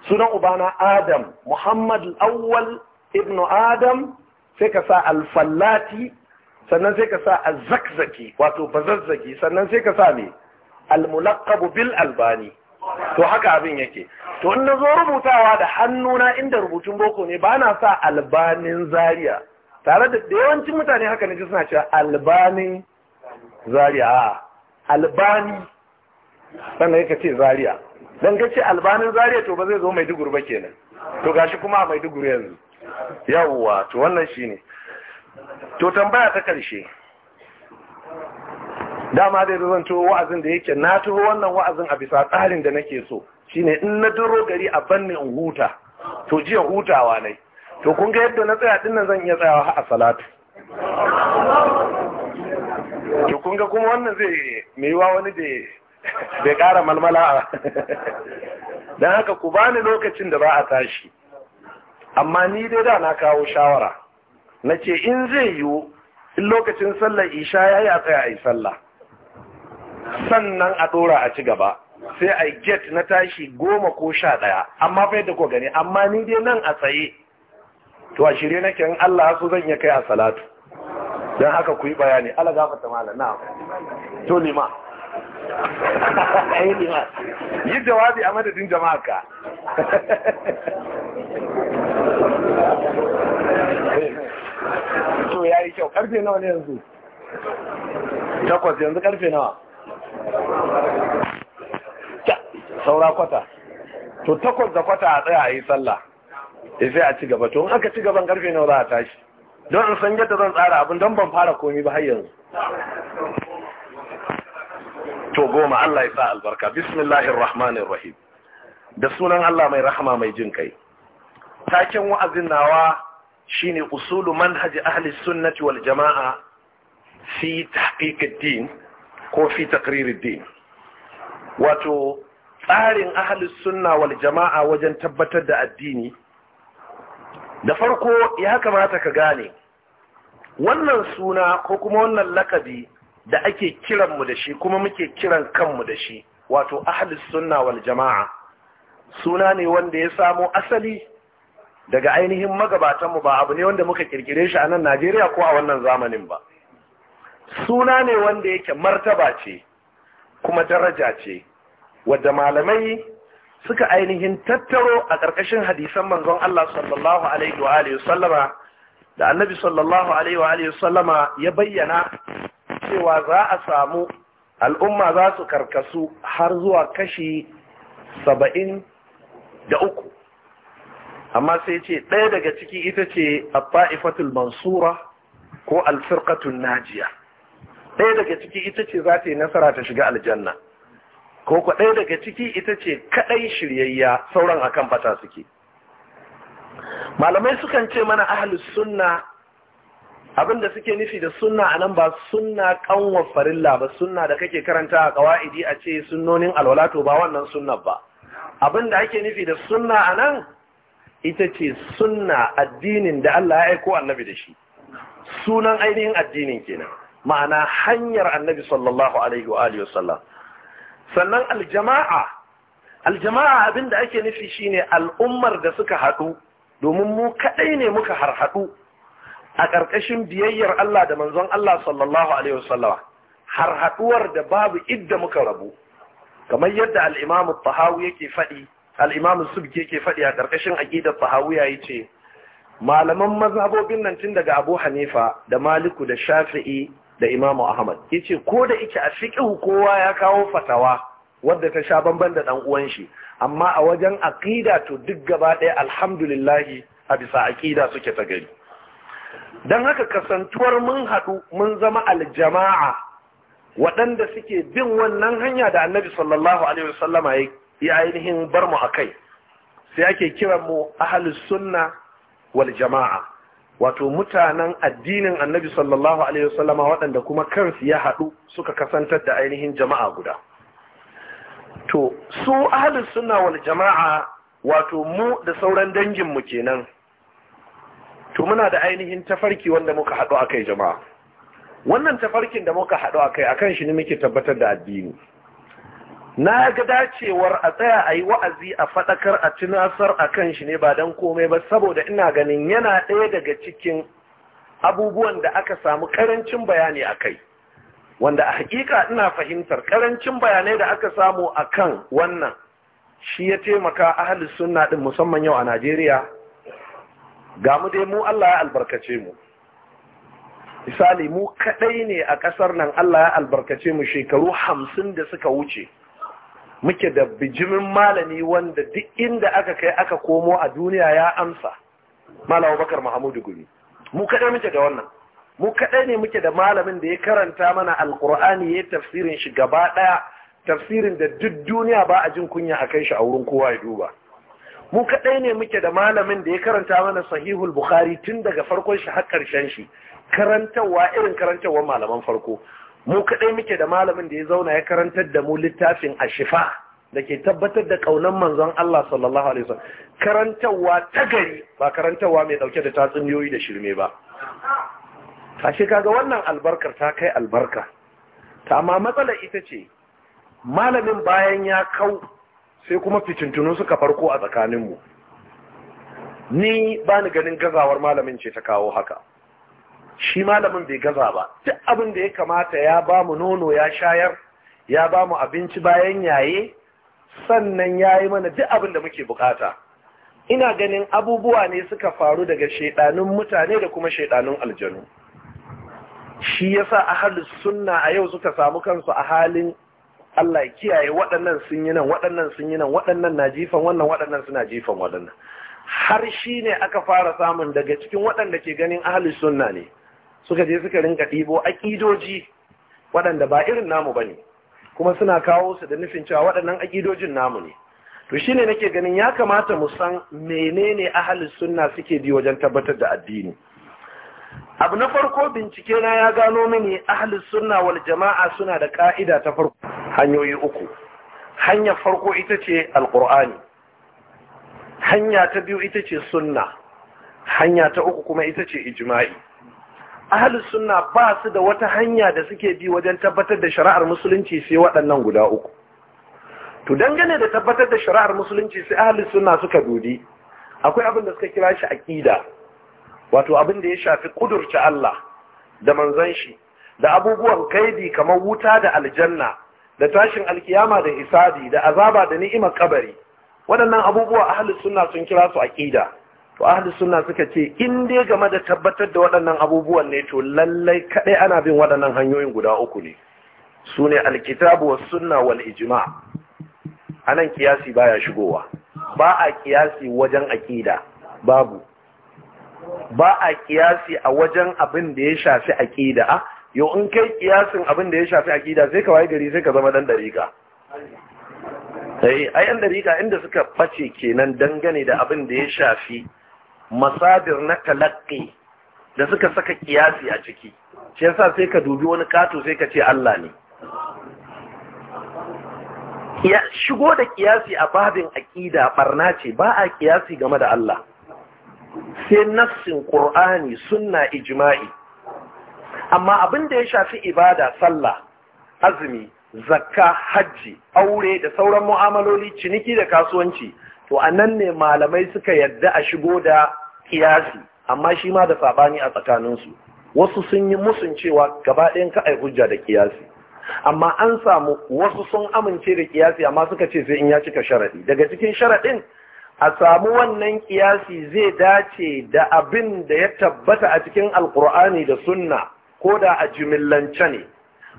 sunan ubana adam muhammad awwal ibnu adam sai ka sa alfallati sannan sai ka sa azzakzaki wato bazazzaki sannan sai ka sa ne almulaqabu bil albani to haka abin yake to in zo rubutawa da hannuna inda rubutun boko ne ba na sa albanin zaria tare da yawancin mutane haka ne suna cewa albanin zariya albani sannan yake ce zariya don ka ce albanin zariya to ba zai zo duguru ba kenan to gashi kuma a duguru yanzu yawwa to wannan shine to tambaya ta karshe dama dai zan to wa'azin da yake na to wannan wa'azin a bisa tsarin da nake so shine in na duro gari a banne in huta to jiya hutawa ne to kun ga yadda na tsaya dinnan zan iya tsayawa har a salatu to kun ga kuma wannan zai mai yiwa wani bai ƙara malmala don haka ku bani lokacin da ba a tashi amma ni dai da na kawo shawara na ce in zai yiwu in lokacin sallar isha ya yi a tsaya a yi sallah sannan a ɗora a ci gaba sai a get na tashi goma ko sha ɗaya amma fa yadda ko gani amma ni dai nan a tsaye to a shirye nake in Allah so zan iya kai a salatu don haka ku yi bayani ala gafata mala na to lima yi jawabi a madadin jama'a ka to ya yi kyau karfe nawa ne yanzu takwas yanzu karfe nawa saura kwata to takwas da kwata a tsaya a yi sallah sai a ci gaba to in aka ci gaban karfe nawa za a tashi don in san yadda zan tsara abin don ban fara komi ba har to goma Allah ya sa albarka bismillahir rahmanir rahim da sunan Allah mai rahama mai jin kai taken wa'azin nawa shine usulu manhaji ahli sunnati wal jama'a fi tahqiq ad-din ko fi taqrir ad-din wato tsarin ahli sunna wal jama'a wajen tabbatar da addini da farko ya kamata ka gane wannan suna ko kuma wannan lakabi da ake kiranmu da shi kuma muke kiran kanmu da shi wato ahlus sunna wal jama'a suna ne wanda ya samo asali daga ainihin magabatanmu ba abu ne wanda muka kirkire shi a nan Najeriya ko a wannan zamanin ba suna ne wanda yake martaba ce kuma daraja ce wadda malamai suka ainihin tattaro a ƙarƙashin hadisan manzon Allah sallallahu alaihi wa alihi sallama da annabi sallallahu alaihi wa alihi sallama ya bayyana cewa za a samu al'umma za su karkasu har zuwa kashi saba'in da uku amma sai ce ɗaya daga ciki ita ce abba'ifatul mansura ko alfirkatun najiya ɗaya daga ciki ita ce za ta yi nasara ta shiga aljanna ko ku ɗaya daga ciki ita ce kaɗai shiryayya sauran akan fata suke malamai sukan ce mana suna. sunna abinda suke nufi da sunna a nan ba sunna kanwa farilla ba sunna da kake karanta a kawa'idi a ce sunnonin alwalato ba wannan sunna ba abinda ake nufi da sunna a nan ita ce sunna addinin da Allah ya aiko annabi da shi sunan ainihin addinin kenan ma'ana hanyar annabi sallallahu alaihi wa alihi wasallam sannan aljama'a aljama'a abin da ake nufi shine al'ummar da suka haɗu domin mu kaɗai ne muka harhaɗu a ƙarƙashin biyayyar Allah da manzon Allah sallallahu alaihi harhaɗuwar da babu idda muka rabu kamar yadda al-Imam tahawi yake faɗi al-Imam yake faɗi a ƙarƙashin aqidar yayi ce. malaman mazhabobin nan tun daga Abu Hanifa da Maliku da Shafi'i da Imam Ahmad yace ko da yake a fiqh kowa ya kawo fatawa wadda ta sha bamban da dan uwan shi amma a wajen aƙida to duk gaba ɗaya alhamdulillah a bisa aqida suke ta gari dan haka kasantuwar mun haɗu mun zama aljama'a waɗanda suke bin wannan hanya da annabi sallallahu alaihi wasallama ya ainihin bar mu akai sai ake kiran mu ahlus sunna wal jama'a wato mutanen addinin annabi sallallahu alaihi wasallama waɗanda kuma kansu ya haɗu suka kasantar da ainihin jama'a guda to su ahlus sunna wal jama'a wato mu da sauran dangin mu kenan to muna da ainihin tafarki wanda muka haɗu akai jama'a wannan tafarkin da muka haɗu akai akan shi ne muke tabbatar da addini na ga dacewar a tsaya a yi wa'azi a faɗakar a ci nasar a kan shi ne ba don komai ba saboda ina ganin yana ɗaya daga cikin abubuwan da aka samu ƙarancin bayani a kai wanda a hakika ina fahimtar ƙarancin bayanai da aka samu a kan wannan shi ya taimaka halin sunna ɗin musamman yau a najeriya ga mu dai mu allah ya albarkace mu misali mu kaɗai ne a ƙasar nan allah ya albarkace mu shekaru hamsin da suka wuce muke da bijimin malami wanda duk inda aka kai aka komo a duniya ya amsa malam bakar mahamudu gumi mu kaɗai muke da wannan mu kaɗai ne muke da malamin da ya karanta mana alkur'ani ya tafsirin shi gaba ɗaya tafsirin da duk duniya ba a jin kunya a kai shi a wurin kowa ya duba mu kaɗai ne muke da malamin da ya karanta mana sahihul bukhari tun daga farkon shi har ƙarshen shi karantarwa irin karantarwar malaman farko mu kaɗai muke da malamin da ya zauna ya karantar da mu littafin ashifa da ke tabbatar da ƙaunar manzon Allah sallallahu alaihi wasallam karantarwa ta gari ba karantarwa mai ɗauke da tatsuniyoyi da shirme ba shi kaga wannan albarkar ta kai albarka ta amma matsalar ita ce malamin bayan ya kau sai kuma fitintunu suka farko a tsakaninmu ni ba ni ganin gazawar malamin ce ta kawo haka shi malamin bai gaza ba duk abin da ya kamata ya ba mu nono ya shayar ya ba mu abinci bayan yaye sannan ya yi mana duk abin da muke bukata ina ganin abubuwa ne suka faru daga shaidanun mutane da kuma shaidanun aljanu shi yasa ahalus sunna a yau suka samu kansu a halin Allah ya kiyaye waɗannan sun yi nan waɗannan sun yi nan waɗannan na jifan wannan waɗannan suna jifan waɗannan har shi ne aka fara samun daga cikin waɗanda ke ganin ahli sunna ne suka je suka rinka ɗibo aƙidoji waɗanda ba irin namu ba ne kuma suna kawo su da nufin cewa waɗannan aƙidojin namu ne to shine nake ganin ya kamata mu san menene ahalin sunna suke bi wajen tabbatar da addini abu na farko bincike na ya gano mini ahalin sunna wal jama'a suna da ka'ida ta farko hanyoyi uku hanya farko ita ce alqur'ani hanya ta biyu ita ce sunna hanya ta uku kuma ita ce ijma'i ahalus sunna ba su da wata hanya da suke bi wajen tabbatar da shari'ar musulunci sai waɗannan guda uku to dangane da tabbatar da shari'ar musulunci sai ahalus sunna suka dodi akwai abin da suka kira shi aqida wato abin da ya shafi kudurta Allah da manzon shi da abubuwan kaidi kamar wuta da aljanna da tashin alkiyama da hisabi da azaba da ni'imar kabari waɗannan abubuwa ahalus sunna sun kira su aqida to ahli sunna suka ce in dai game da tabbatar da waɗannan abubuwan ne to lallai kadai ana bin waɗannan hanyoyin guda uku ne su ne alkitabu was sunna wal ijma anan kiyasi baya shigowa ba a kiyasi wajen aqida babu ba a kiyasi a wajen abin da ya shafi aqida ah, yo in kai kiyasin abin da ya shafi aqida sai ka waye gari sai ka zama dan dariqa sai eh, ayan dariqa inda suka face kenan dangane da abin da ya shafi masadir na talaqqi da suka saka kiyasi a ciki shi yasa sai ka dubi wani kato sai ka ce Allah ne ya shigo da kiyasi a babin aqida barna ce ba a kiyasi game da Allah sai nassin qur'ani sunna ijma'i amma abin da ya shafi ibada sallah azumi zakka hajji aure da sauran mu'amaloli ciniki da kasuwanci to a nan ne malamai suka yadda a shigo da kiyasi amma shi ma da saɓani a tsakaninsu wasu sun yi musun cewa gaba ɗayan ka ai hujja da kiyasi amma an samu wasu sun amince da kiyasi amma suka ce sai in ya cika sharaɗi. daga cikin sharaɗin, a samu wannan kiyasi zai dace da abin da ya tabbata a cikin alkur'ani da sunna ko da a jimillance ne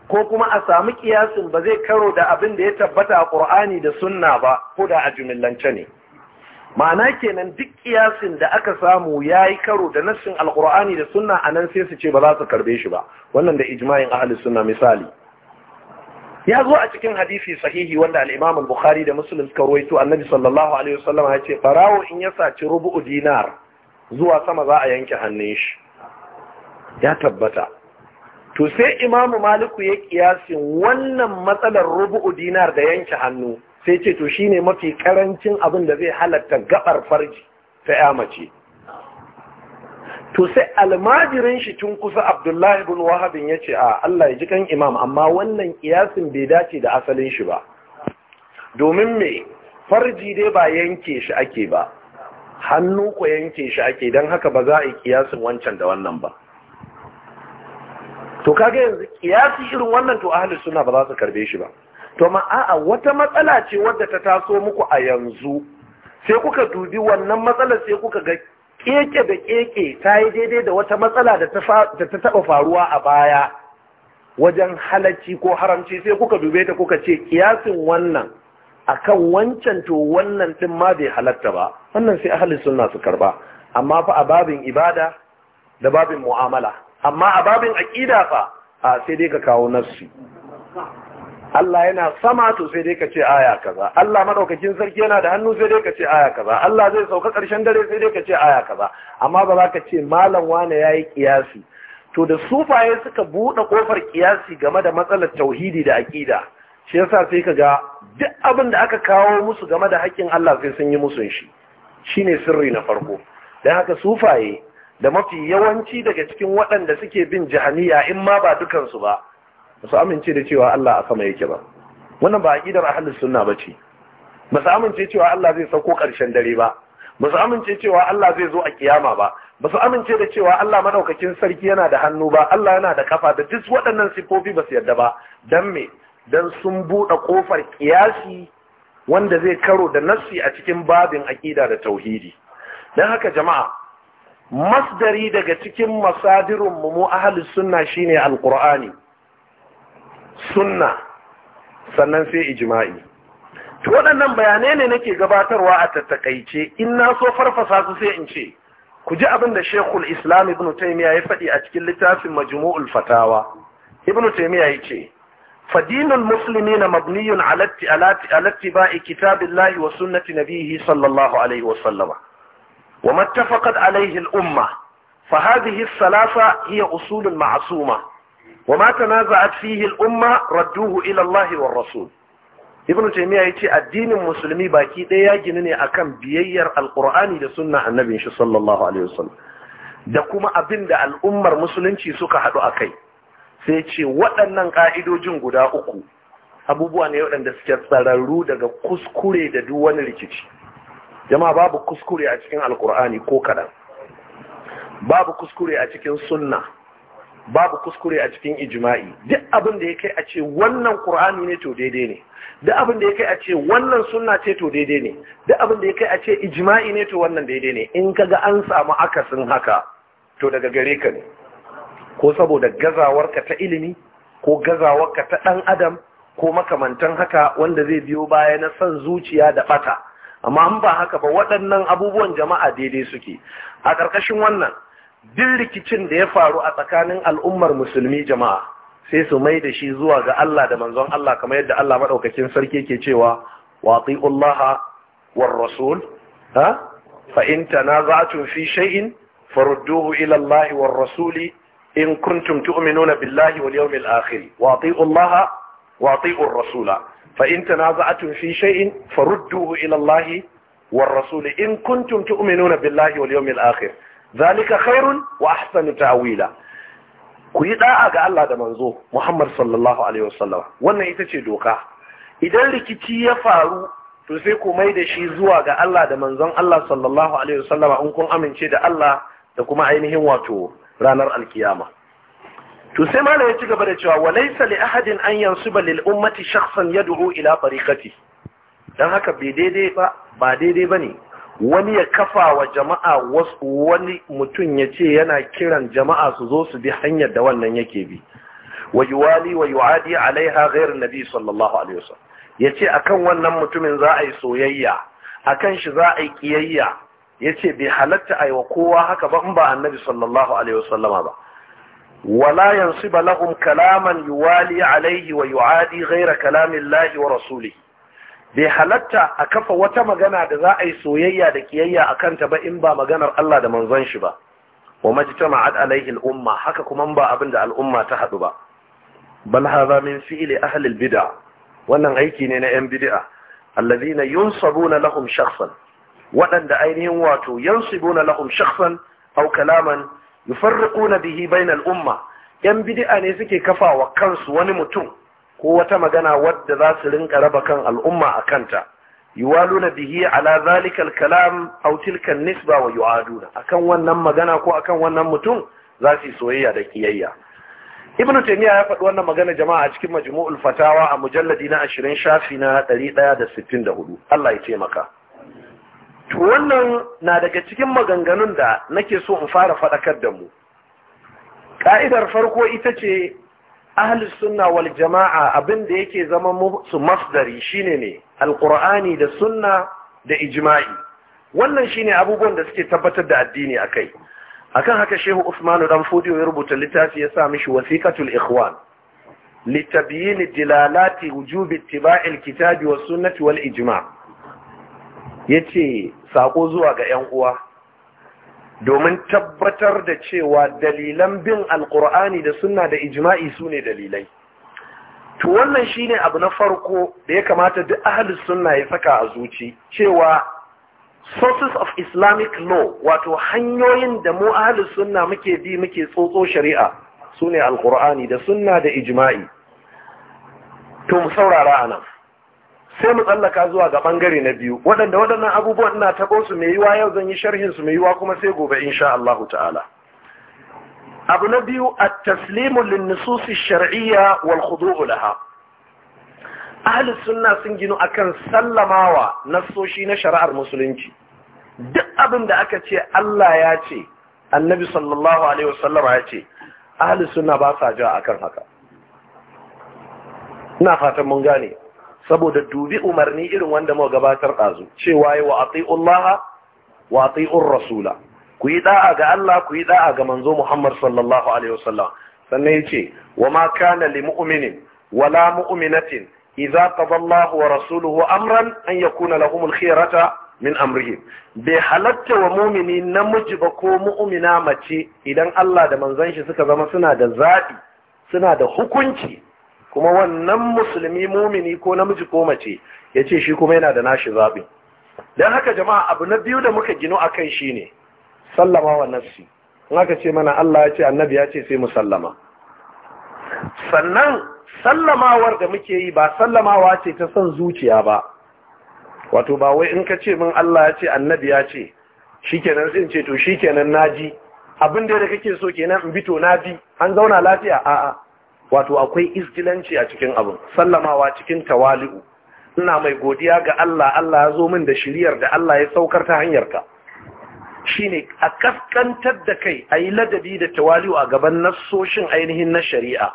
ko kuma a samu kiyasin ba zai karo da abin da ya tabbata a ƙur'ani da sunna ba ko da a jumillance ne ma'ana kenan duk kiyasin da aka samu ya yi karo da nassin alƙur'ani da sunna a nan sai su ce ba za su karbe shi ba wannan da ijma'in ahli sunna misali ya zo a cikin hadisi sahihi wanda alimamul bukhari da muslim suka rawaito annabi sallallahu alaihi wasallam ya ce barawo in ya saci rubu'u dinar zuwa sama za a yanke hannun shi ya tabbata to sai imamu maliku ya kiyasin wannan matsalar rubu'u dinar da yanke hannu sai ce to shine mafi karancin abin da zai halatta gabar farji ta ya mace to sai almajirin shi tun kusa abdullahi bin wahabin ya ce a Allah ya ji kan imam amma wannan kiyasin bai dace da asalin shi ba domin me farji dai ba yanke shi ake ba hannu ko yanke shi ake don haka ba za a yi kiyasin wancan da wannan ba to kaga yanzu kiyasi irin wannan to ahlus sunna ba za su karbe shi ba to ma a'a wata matsala ce wadda ta taso muku a yanzu sai kuka dubi wannan matsalar sai kuka ga keke da keke ta yi daidai da wata matsala da ta taɓa faruwa a baya wajen halacci ko haramci sai kuka dube ta kuka ce kiyasin wannan akan wancan to wannan din ma bai halatta ba wannan sai ahlus sunna su karba amma fa a babin ibada da babin mu'amala amma a babin aƙida fa a sai dai ka kawo nassi Allah yana sama to sai dai ka ce aya kaza Allah madaukakin sarki yana da hannu sai dai ka ce aya kaza Allah zai sauka ƙarshen dare sai dai ka ce aya kaza amma ba za ka ce malam wane yayi kiyasi to da sufaye suka buɗe kofar kiyasi game da matsalar tauhidi da aƙida shi yasa sai ka ga duk abin da aka kawo musu game da haƙƙin Allah sai sun yi musun shi shine sirri na farko dan haka sufaye da mafi yawanci daga cikin waɗanda suke bin jahaniya in ma ba dukansu ba su amince da cewa Allah a sama yake ba wannan ba aqidar ahlus sunna ce. ba su amince cewa Allah zai sauko ƙarshen dare ba ba su amince cewa Allah zai zo a kiyama ba ba su amince da cewa Allah madaukakin sarki yana da hannu ba Allah yana da kafa da duk waɗannan sifofi ba su yarda ba dan me dan sun buɗe ƙofar kiyasi wanda zai karo da nassi a cikin babin aqida da tauhidi dan haka jama'a masdari daga cikin masadirun mu mu ahlus sunna shine alqur'ani sunna sannan sai ijma'i to waɗannan bayanai ne nake gabatarwa a tattakaice in na so farfasa su sai in ce ku ji abin da Sheikhul Islam Ibn Taymiyyah ya faɗi a cikin littafin Majmu'ul Fatawa Ibn Taymiyyah yace fadinul muslimina mabniyun ala ala ittiba'i kitabillahi wa sunnati nabihi sallallahu alaihi wa sallama وما اتفقت عليه الأمة فهذه الثلاثة هي أصول معصومة وما تنازعت فيه الأمة ردوه إلى الله والرسول ibn taymiya yace addinin musulmi baki ɗaya ya ne akan biyayyar alqur'ani da sunna annabin shi sallallahu alaihi wasallam da kuma abinda al'ummar musulunci suka hadu kai. sai ce waɗannan ƙa'idojin guda uku abubuwa ne waɗanda suke tsararru daga kuskure da duk wani rikici jama'a babu kuskure a cikin alkur'ani ko kaɗan babu kuskure a cikin sunna babu kuskure a cikin ijma'i duk abin da ya kai a ce wannan qur'ani ne to daidai ne duk abin da ya kai a ce wannan sunna ce to daidai ne duk abin da ya kai a ce ijma'i ne to wannan daidai ne in kaga an samu akasin haka to daga gare ka ne ko saboda gazawarka ta ilimi ko gazawarka ta dan adam ko makamantan haka wanda zai biyo baya na son zuciya da bata amma an ba haka ba waɗannan abubuwan jama'a daidai suke a ƙarƙashin wannan bin rikicin da ya faru a tsakanin al'ummar musulmi jama'a sai su mai da shi zuwa ga Allah da manzon Allah kamar yadda Allah maɗaukakin sarki ke cewa wati'ullaha war rasul ha fa in tanaza'tum fi shay'in farudduhu ila Allah war rasuli in kuntum tu'minuna billahi wal yawmil akhir wati'ullaha wati'ur rasula fa in tanaza'tum fi shay'in farudduhu ila Allah wa rasul in kuntum tu'minuna billahi wal yawmil akhir zalika khairun wa ahsanu ta'wila ku yi da'a ga Allah da manzo Muhammad sallallahu alaihi wannan ita ce doka idan rikici ya faru to sai ku mai da shi zuwa ga Allah da manzon Allah sallallahu alaihi wasallama in kun amince da Allah da kuma ainihin wato ranar alkiyama to sai malam ya ci gaba da cewa walaysa li ahadin an yansuba lil ummati shakhsan yad'u ila tariqati dan haka bai daidai ba ba daidai bane wani ya kafa wa jama'a wasu wani mutum ya ce yana kiran jama'a su zo su bi hanyar da wannan yake bi wa yuwali wa yu'adi alaiha ghairu nabi sallallahu alaihi wasallam yace akan wannan mutumin za a yi soyayya akan shi za a yi kiyayya yace bai halatta ai wa kowa haka ba in ba annabi sallallahu alaihi wasallama ba wala yansiba lahum kalaman yuwali alaihi wa yu'adi ghaira kalamin lahi wa rasuli bai halarta a kafa wata magana da za a yi soyayya da kiyayya a kanta ba in ba maganar Allah da manzon shi ba wa majtama'at alaihi al'umma haka kuma ba abin al'umma ta haɗu ba bal hadha min fi'li ahli al-bid'a wannan aiki ne na yan bid'a alladhina yunsabuna lahum shakhsan waɗanda ainihin wato yansibuna lahum shakhsan aw kalaman yufarriquna bihi bainal umma yan bid'a ne suke kafa wa kansu wani mutum ko wata magana wadda za su rinka raba kan al'umma a kanta yuwaluna bihi ala zalika al-kalam aw tilka nisba wa yu'aduna akan wannan magana ko akan wannan mutum za su soyayya da kiyayya ibnu taymiya ya faɗi wannan magana jama'a a cikin majmu'ul fatawa a mujalladi na 20 shafi na 164 Allah ya taimaka to wannan na daga cikin maganganun da nake so in fara faɗakar da mu Ƙa'idar farko ita ce ahlus sunna wal jama'a abin da yake zama su masdari shine ne Alƙur'ani da sunna da ijma'i wannan shine abubuwan da suke tabbatar da addini akai akan haka shehu usmanu ɗan fodiyo ya rubuta littafi ya sa mishi wasiqatul ikhwan litabyin dilalati wujubi ittiba'il kitabi was sunnati wal ijma' ya ce saƙo zuwa ga 'yan uwa domin tabbatar da cewa dalilan bin Alkur'ani da suna da ijima'i su ne dalilai to wannan shi ne abu na farko da ya kamata duk ahalus suna ya saka a zuci cewa sources of islamic law wato hanyoyin da mu ahalus suna muke bi muke tsotso shari'a su ne alƙur'ani da sunna da ijima'i. to mu saurara a nan sai mu tsallaka zuwa ga bangare na biyu waɗanda waɗannan abubuwan ina tabo su mai yiwa yau zan yi sharhin su mai yiwa kuma sai gobe insha Allahu ta'ala abu na biyu at-taslimu lin nusus shariyya wal khudu'u laha ahli sunna sun ginu akan sallamawa nassoshi na shari'ar musulunci duk abin da aka ce Allah ya ce annabi sallallahu alaihi wasallama ya ce ahli sunna ba sa akan haka ina fatan mun gane saboda dubi umarni irin wanda mu gabatar ɗazu cewa yi wa Kuyi wa ati'ur rasula ku yi da'a ga Allah ku yi da'a ga manzo Muhammad sallallahu alaihi wasallam sannan yace wa ma kana li mu'minin wala mu'minatin idza qada Allah wa rasuluhu amran an yakuna lahumul khiyarata min amrihim bai halatta wa mumini namiji ba ko mu'mina mace idan Allah da manzon shi suka zama suna da zabi suna da hukunci kuma wannan musulmi mumini ko namiji ko mace ya ce shi kuma yana da nashi zaɓi don haka jama'a abu na biyu da muka gino a kai shi ne sallama wa nafsi in aka ce mana Allah ya ce annabi ya ce sai mu sallama sannan sallamawar da muke yi ba sallamawa ce ta son zuciya ba wato ba wai in ka ce min Allah ya ce annabi ya ce shikenan sai in ce to shikenan naji abin da kake so kenan in bi to naji an zauna lafiya a'a wato akwai izgilanci a cikin abin sallamawa cikin tawali'u ina mai godiya ga Allah Allah ya zo min da shiriyar da Allah ya saukar ta hanyarka shine a kaskantar da kai a yi ladabi da tawali'u a gaban nassoshin ainihin na shari'a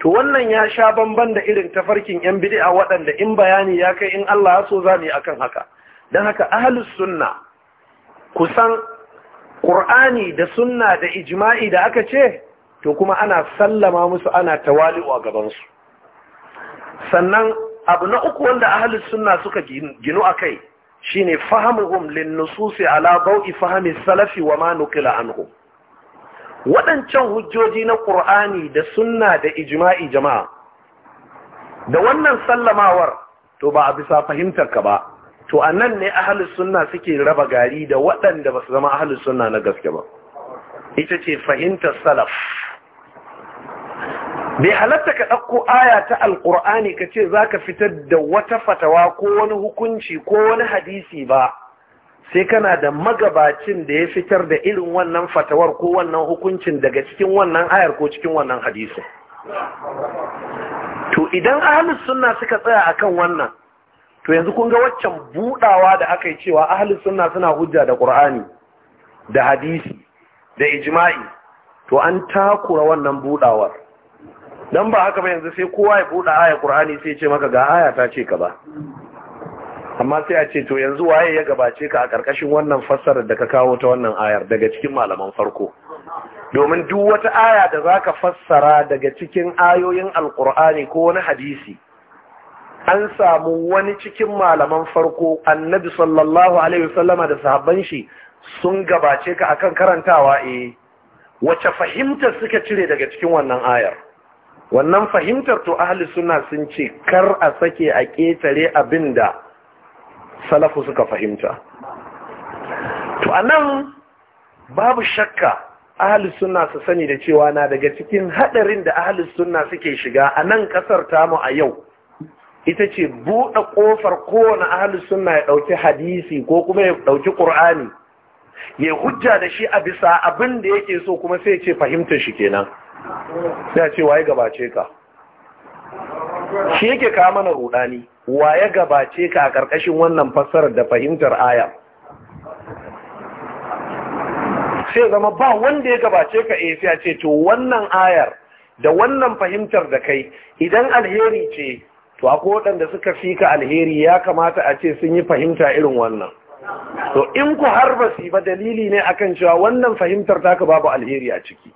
to wannan ya sha bamban da irin tafarkin yan bid'a waɗanda in bayani ya kai in Allah ya so zamu yi akan haka dan haka ahlus sunna kusan Qur'ani da sunna da Ijima'i da aka ce to kuma ana sallama musu ana tawali'u a gabansu sannan abu na uku wanda ahalis sunna suka ginu a kai shine ne lin nususi ala bau'i salafi wa ma nuqila anhum waɗancan hujjoji na ƙur'ani da sunna da ijma'i jama'a da wannan sallamawar to ba a bisa fahimtar ka ba to a nan ne ahalis sunna suke raba gari da waɗanda ba su zama ahalis sunna na gaske ba ita ce fahimtar salaf bai halatta ka ɗauko aya ta alƙur'ani ka ce za ka fitar da wata fatawa ko wani hukunci ko wani hadisi ba sai kana da magabacin da ya fitar da irin wannan fatawar ko wannan hukuncin daga cikin wannan ayar ko cikin wannan hadisi to idan ahalus suna suka tsaya akan wannan to yanzu kun ga waccan budawa da aka yi cewa ahalus suna suna hujja da ƙur'ani, da hadisi da ijma'i to an takura wannan budawar dan ba haka ba yanzu sai kowa ya buɗe aya Qur'ani sai ya ce maka ga aya ta ce ka ba amma sai a ce to yanzu waye ya gabace ka a ƙarƙashin wannan fassarar da ka kawo ta wannan ayar daga cikin malaman farko domin duk wata aya da zaka fassara daga cikin ayoyin alkur'ani ko wani hadisi an samu wani cikin malaman farko annabi sallallahu alaihi wasallama da sahabban shi sun gabace ka akan karantawa eh wace fahimta suka cire daga cikin wannan ayar wannan fahimtar to ahli suna sun ce kar a sake a ƙetare abin da salafu suka fahimta to anan babu shakka ahli suna su sani da cewa na daga cikin hadarin da ahli suna suke shiga a nan kasar tamu a yau ita ce buɗe ƙofar kowane ahli suna ya ɗauki hadisi ko kuma ya ɗauki ƙur'ani ya hujja da shi a bisa abin da yake so kuma sai ce fahimtar shi kenan sai ce waye gabace ka shi yake ka mana rudani waye gabace ka a ƙarƙashin wannan fassarar da fahimtar aya sai zama ba wanda ya gabace ka eh sai ce to wannan ayar da wannan fahimtar da kai idan alheri ce to akwai waɗanda suka fi ka alheri ya kamata a ce sun yi fahimta irin wannan to in ku har ba ba dalili ne akan cewa wannan fahimtar taka babu alheri a ciki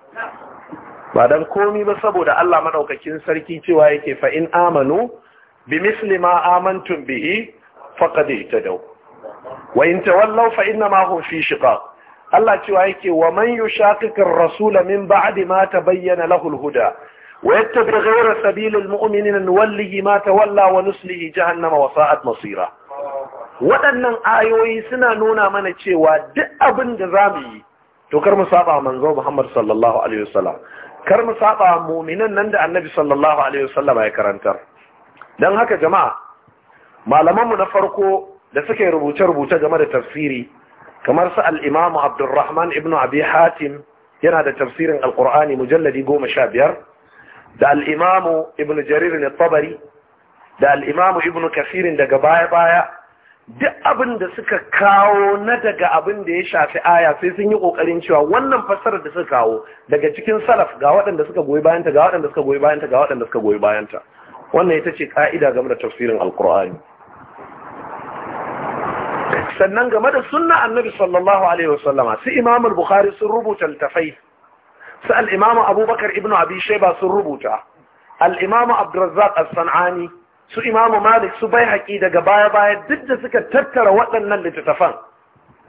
ba dan komi ba saboda Allah maɗaukakin sarki cewa yake fa in amanu bi misli ma amantum bihi faqad wa in ta fa inna na hum fi shiƙa, Allah cewa yake wa man yushaqiqir rasul min ba'di ma tabayyana lahu al-huda wa yattabi ghayra sabilil mu'minina ma tawalla wa nuslihi jahannama wa sa'ad masira waɗannan ayoyi suna nuna mana cewa duk abin da za mu yi Tokar mu saba manzo Muhammad sallallahu alaihi wasallam kar mu saba muminan nan da annabi sallallahu alaihi wasallama ya karantar don haka jama'a malamanmu na farko da suke rubuce-rubuce game da tafsiri kamar su al'imamu abdurrahman ibn abi hatim yana da tafsirin alkur'ani mujalladi goma sha biyar da al'imamu ibn jarir ne tabari da al'imamu ibn kasirin daga baya-baya duk abin da suka kawo na daga abin da ya shafi aya sai sun yi kokarin cewa wannan fassarar da suka kawo daga cikin salaf ga waɗanda suka goyi bayanta ga waɗanda suka goyi bayanta ga waɗanda suka goyi bayanta wannan ita ce ka'ida game da tafsirin alkur'ani sannan game da sunna annabi sallallahu alaihi wasallama su imam bukhari sun rubuta littafai su al-imam abubakar ibnu abi shayba sun rubuta al-imam abdurrazzaq as-sanani su imamu malik su bai haƙi daga baya-baya duk da suka tattara waɗannan littattafan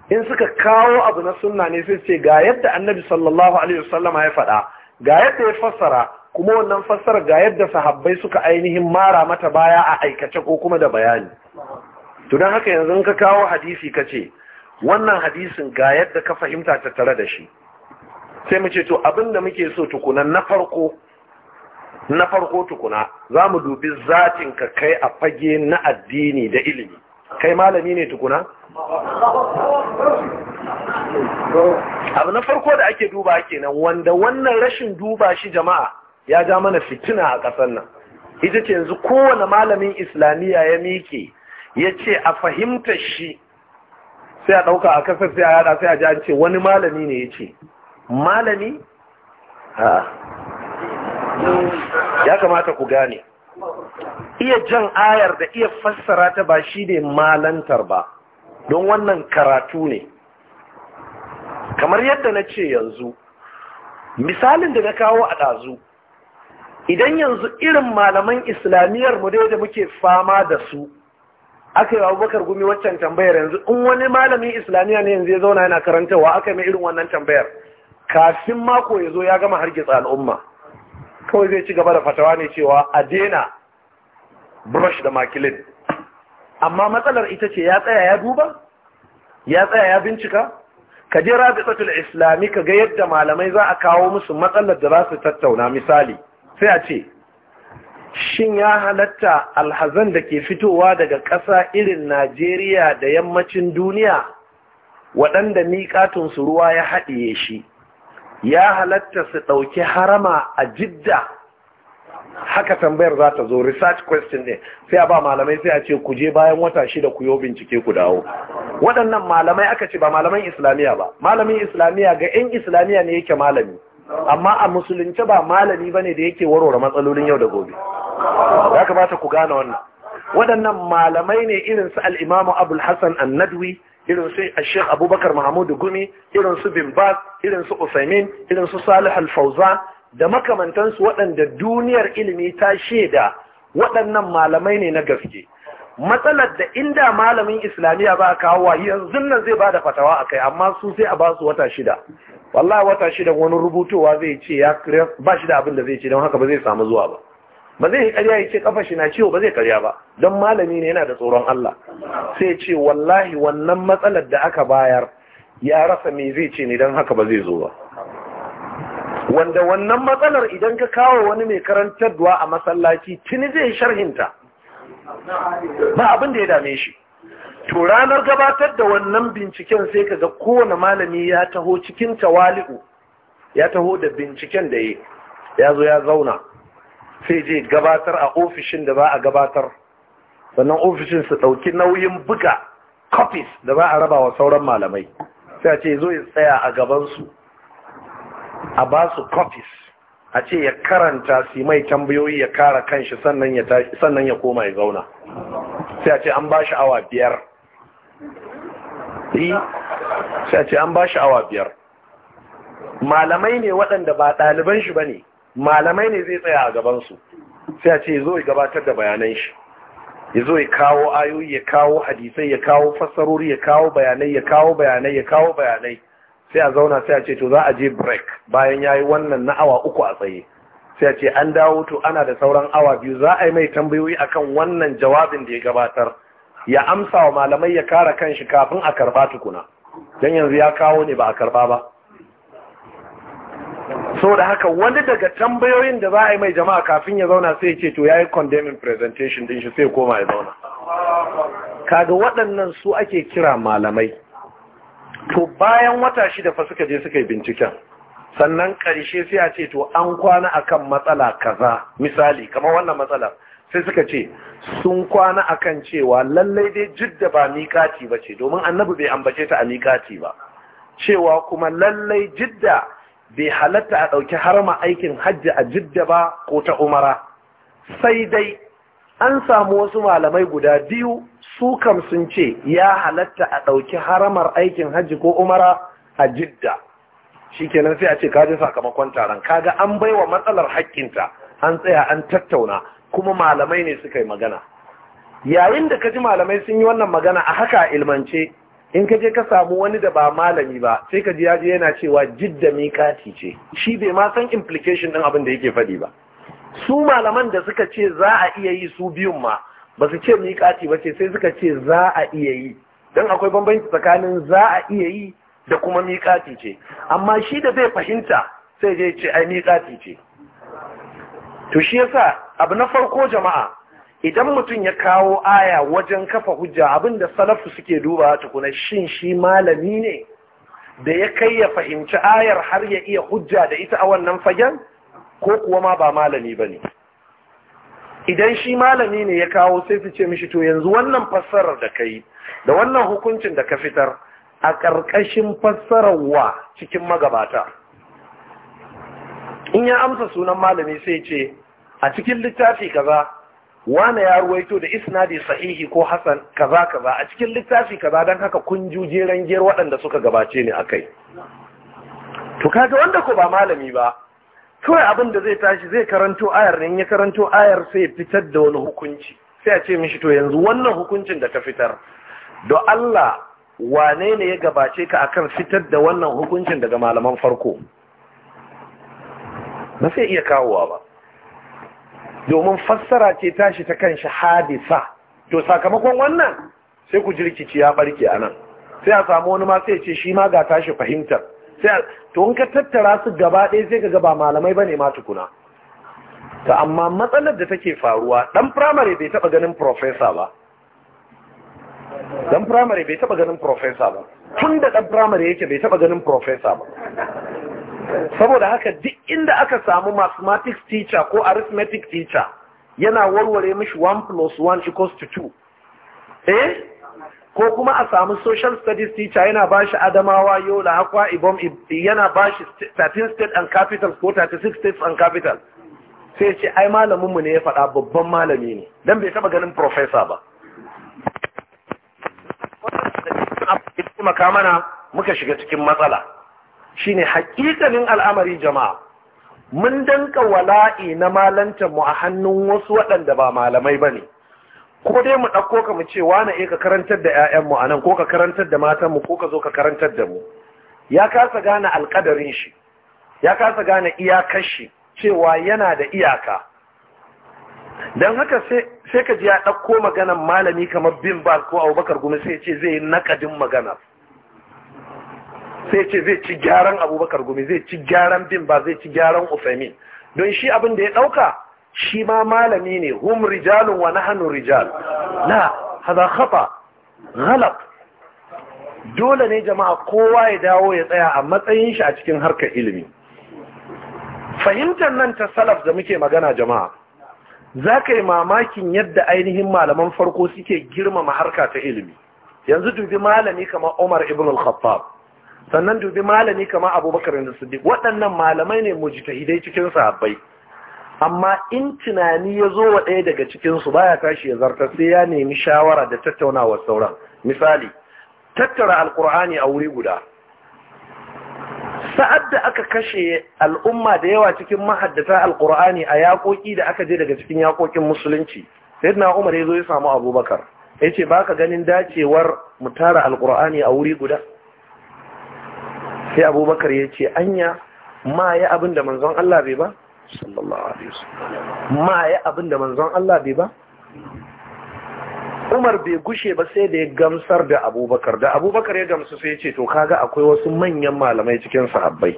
in suka kawo abu na sunna ne sai ce ga yadda annabi sallallahu alaihi wasallama ya faɗa ga yadda ya fassara kuma wannan fassara ga yadda sahabbai suka ainihin mara mata baya a aikace ko kuma da bayani to don haka yanzu in ka kawo hadisi ka ce wannan hadisin ga yadda ka fahimta tattare da shi sai mu ce to abinda muke so tukunan na farko na farko tukuna za mu dubi zatin ka kai a fage na addini da ilimi kai malami ne tukuna abu na farko da ake duba kenan wanda wannan rashin duba shi jama'a ya ja mana fitina a ƙasar nan ita ce yanzu kowane malamin islamiyya ya miƙe ya ce a fahimtar shi sai a ɗauka a kasar sai a yada sai a ji ce wani malami ne ya ce malami? ya kamata ku gane iya jan ayar da iya fassara ta ba shi ne malantar ba don wannan karatu ne kamar yadda na ce yanzu misalin da na kawo a ɗazu idan yanzu irin malaman islamiyyar mu dai da muke fama da su aka yi abubakar gumi waccan tambayar yanzu in wani malamin islamiyya ne yanzu ya zauna yana karantarwa aka yi mai irin wannan tambayar kafin mako ya zo ya gama hargitsa al'umma kawai zai ci gaba da fatawa ne cewa a dena brush da makilin amma matsalar ita ce ya tsaya ya duba ya tsaya ya bincika ka je rabitatul islami ka ga yadda malamai za a kawo musu matsalar da za su tattauna misali sai a ce shin ya halatta alhazan da ke fitowa daga ƙasa irin najeriya da yammacin duniya waɗanda miƙatunsu ruwa ya haɗiye shi ya halatta su ɗauki harama a jidda haka tambayar za ta zo research question ne sai a ba malamai sai a ce ku je bayan wata shida ku yi bincike ku dawo waɗannan malamai aka ce ba malaman islamiyya ba malamin islamiyya ga 'yan islamiyya ne yake malami amma a musulunci ba malami ba ne da yake warware matsalolin yau da gobe ya kamata ku gane wannan waɗannan malamai ne irin su al'imamu abul hassan annadwi irin su ashek abubakar mahamudu gumi irin su bin bas irin usaimin irin su salih alfauza da makamantansu waɗanda duniyar ilimi ta shaida waɗannan malamai ne na gaske matsalar da inda malamin islamiyya ba kawo wa yanzu nan zai ba da fatawa a kai amma su sai a ba su wata shida wallahi wata shida wani rubutowa zai ce ya ba shi da abin da zai ce don haka ba zai samu zuwa ba ba zai yi karya yake kafa shi na ciwo ba zai karya ba don malami ne yana da tsoron Allah sai ce wallahi wannan matsalar da aka bayar ya rasa me zai ce ne don haka ba zai zo ba wanda wannan matsalar idan ka kawo wani mai karantarwa a masallaci tuni zai sharhinta ba abin da ya dame shi to ranar gabatar da wannan binciken sai ka ga kowane malami ya taho cikin tawali'u ya taho da binciken da ya zo ya zauna sai je gabatar a ofishin da ba a gabatar sannan ofishin su ɗauki nauyin buga copies da ba a raba wa sauran malamai sai a ce zo ya tsaya a gabansu a ba su copies a ce ya karanta su mai tambayoyi ya kara kanshi sannan ya koma ya zauna sai a ce an ba shi awa biyar eh, sai a ce an ba shi awa biyar malamai ne waɗanda ba ɗaliban shi ba ne malamai ne zai tsaya a gabansu sai a ce zo ya gabatar da bayanan shi ya zo ya kawo ayoyi ya kawo hadisai ya kawo fassarori ya kawo bayanai ya kawo bayanai ya kawo bayanai sai a zauna sai a ce to za a je break bayan yayi wannan na awa uku a tsaye sai a ce an dawo to ana da sauran awa biyu za a yi mai tambayoyi akan wannan jawabin da ya gabatar ya amsa wa malamai ya kara kanshi kafin a karba tukuna don yanzu ya kawo ne ba a karba ba da haka wani daga tambayoyin da za a yi mai jama'a kafin ya zauna sai ce to ya yi condemning presentation din shi sai koma ya zauna kaga waɗannan su ake kira malamai to bayan wata shida fa suka je suka yi binciken sannan ƙarshe sai a ce to an kwana akan matsala kaza misali kamar wannan matsala sai suka ce sun kwana akan cewa lallai dai jidda ba miƙati ba ce domin annabi bai ambace ta a miƙati ba cewa kuma lallai jidda bai halatta a ɗauki harma aikin hajji a jidda ba ko ta umara sai dai an samu wasu malamai guda biyu su kam sun ce ya halatta a ɗauki haramar aikin hajji ko umara a jidda shi kenan sai a ce kaji sakamakon taron kaga an baiwa matsalar haƙƙinta an tsaya an tattauna kuma malamai ne suka yi magana yayin da kaji malamai sun yi wannan magana a haka ilmance in ka je ka samu wani da ba malami ba sai ka ji ya je yana cewa jidda miƙati ce shi bai ma san implication ɗin abin da yake faɗi ba su malaman da suka ce za a iya yi su biyun ma ba su ce miƙati ba ce sai suka ce za a iya yi don akwai bambanci tsakanin za a iya yi da kuma miƙati ce amma shi da zai fahimta sai je ce ai miƙati ce to shi yasa abu na farko jama'a idan mutum ya kawo aya wajen kafa hujja abinda salafu suke duba tukuna shin shi malami ne da ya kai ya fahimci ayar har ya iya hujja da ita a wannan fagen ko kuwa ma ba malami ba ne idan shi malami ne ya kawo sai su ce mishi to yanzu wannan fassarar da ka yi da wannan hukuncin da ka fitar a ƙarƙashin fassarar wa cikin magabata in ya amsa sunan malami sai ce a cikin littafi kaza wane ya ruwaito da isnadi sahihi ko hasan kaza kaza a cikin littafi kaza don haka kun jujeren giyar waɗanda suka gabace ni akai to kaga wanda ko ba malami ba kawai abin da zai tashi zai karanto ayar ne ya karanto ayar sai fitar da wani hukunci sai a ce mishi to yanzu wannan hukuncin da ka fitar do Allah wane ne ya gabace ka akan fitar da wannan hukuncin daga malaman farko ba sai iya kawowa ba domin fassara ce tashi ta kan hadisa to sakamakon wannan sai ku jirkici ya barke a nan sai a samu wani ma sai ce shi ma ga tashi fahimtar sai to in ka tattara su gaba ɗaya sai ka ba malamai bane ma tukuna ta amma matsalar da take faruwa dan primary bai taba ganin profesa ba dan primary bai taba ganin profesa ba tun da dan primary yake bai taba ganin profesa ba saboda haka duk inda aka samu mathematics teacher ko arithmetic teacher yana warware mishi 1 plus 1 equals to 2 eh ko kuma a samu social studies teacher yana bashi adamawa yola haka ibom yana bashi 13 states and capitals ko 36 states and capitals sai ce ai malaminmu ne ya faɗa babban malami ne don bai taɓa ganin profesa ba wannan da cikin mana muka shiga cikin matsala ne hakikanin al'amari jama'a mun danka wala'i na malantar mu a hannun wasu waɗanda ba malamai ba ne ko dai mu ɗauko ka mu ce wane eh, ka karantar da 'ya'yanmu a nan ko ka karantar da matanmu ko ka zo ka karantar da mu ya kasa gane alƙadarin shi ya kasa gane iyakar shi cewa yana da iyaka don haka sai ka ji ya ɗauko maganan malami kamar bin bas ko abubakar gumi sai ce zai yi nakadin maganar sai ce zai ci gyaran abubakar gumi zai ci gyaran bin ba zai ci gyaran ufami don shi abin da ya ɗauka shi ma malami ne hum rijalun wa nahnu rijal la hada khata ghalab dole ne jama'a kowa ya dawo ya tsaya a matsayin shi a cikin harkar ilimi fahimtar nan ta salaf da muke magana jama'a za ka yi mamakin yadda ainihin malaman farko suke girmama harka ta ilimi yanzu dubi malami kamar umar ibn al-khattab sannan dubi malami kama abubakar da Sadiq waɗannan malamai ne mujtahidai cikin sahabbai amma in tunani ya zo wa ɗaya daga cikinsu baya tashi ya zarta sai ya nemi shawara da tattaunawa sauran misali tattara alkur'ani a wuri guda sa'ad da aka kashe al'umma da yawa cikin mahaddata alkur'ani a yaƙoƙi da aka je daga cikin yaƙoƙin musulunci sai na umar ya zo ya samu abubakar ya ce ba ka ganin dacewar mu tara alkur'ani a wuri guda sai abubakar ya ce anya ma ya abin da manzon Allah bai ba ma ya abin da manzon Allah bai ba Umar bai gushe ba sai da ya gamsar da Abubakar da Abubakar ya gamsu sai ya ce to kaga akwai wasu manyan malamai cikin sahabbai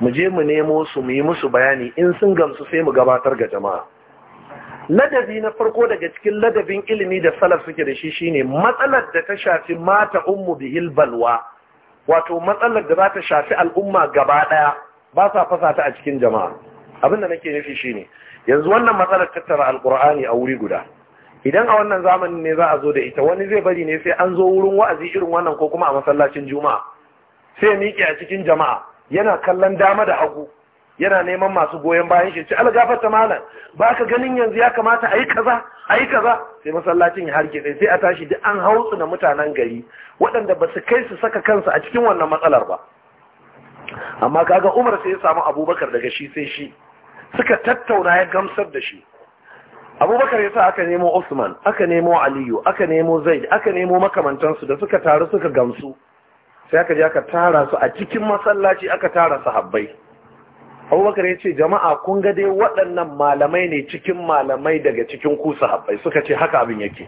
mu je mu nemo su mu yi musu bayani in sun gamsu sai mu gabatar ga jama'a ladabi na farko daga cikin ladabin ilimi da salaf suke da shi shine matsalar da ta shafi mata ummu bihil balwa wato matsalar da za ta shafi al'umma gaba ɗaya ba sa fasa ta a cikin jama'a abin da nake nufi ne. yanzu wannan matsalar tattara alkur'ani a wuri guda idan a wannan zamanin ne za a zo da ita wani zai bari ne sai an zo wurin wa'azi irin wannan ko kuma a masallacin juma'a sai miƙe a cikin jama'a yana kallon dama da hagu yana neman masu goyon bayan shi ce algafarta malam ba ka ganin yanzu ya kamata a yi kaza a yi kaza sai masallacin ya harke sai a tashi duk an hautsu na mutanen gari waɗanda ba su kai su saka kansu a cikin wannan matsalar ba amma kaga umar sai ya samu abubakar daga shi sai shi suka tattauna ya gamsar da shi abubakar ya sa aka nemo usman aka nemo aliyu aka nemo zaid aka nemo makamantansu da suka taru suka gamsu sai aka je aka tara su a cikin masallaci aka tara su Habbai. abubakar ya ce jama'a kun ga dai waɗannan malamai ne cikin malamai daga cikin ku sahabbai suka ce haka abin yake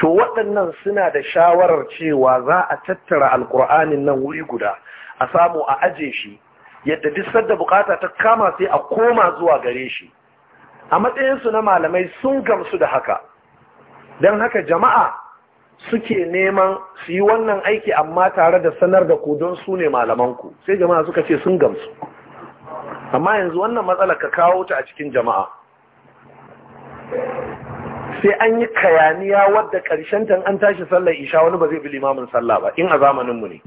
to waɗannan suna da shawarar cewa za a tattara alkur'anin nan wuri guda a samu a aje shi yadda duk da bukata ta kama sai a koma zuwa gare shi a matsayinsu na malamai sun gamsu da haka don haka jama'a suke neman su yi wannan aiki amma tare da sanar da ku don su ne malamanku sai jama'a suka ce sun gamsu amma yanzu wannan matsala ka kawo ta a cikin jama'a sai an yi kayaniya wadda ƙarshen tan an tashi sallar isha wani ba zai bi limamin sallah ba in a zamaninmu ne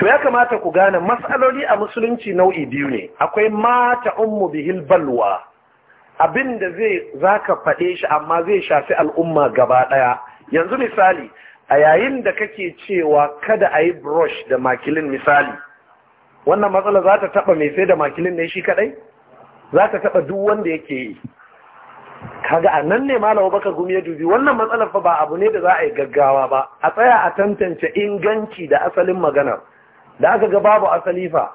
to ya kamata ku gane matsaloli a musulunci nau'i biyu ne akwai mata ummu bihil balwa abinda zai zaka faɗe shi amma zai shafi al'umma gaba ɗaya yanzu misali a yayin da kake cewa kada a yi brush da makilin misali wannan matsala za ta taɓa mai sai da makilin ne shi kaɗai za ta taɓa duk wanda yake yi kaga a nan ne malawa baka gumi ya dubi wannan matsalar fa ba abu ne da za a yi gaggawa ba a tsaya a tantance inganci da asalin magana. da aka ga babu asali fa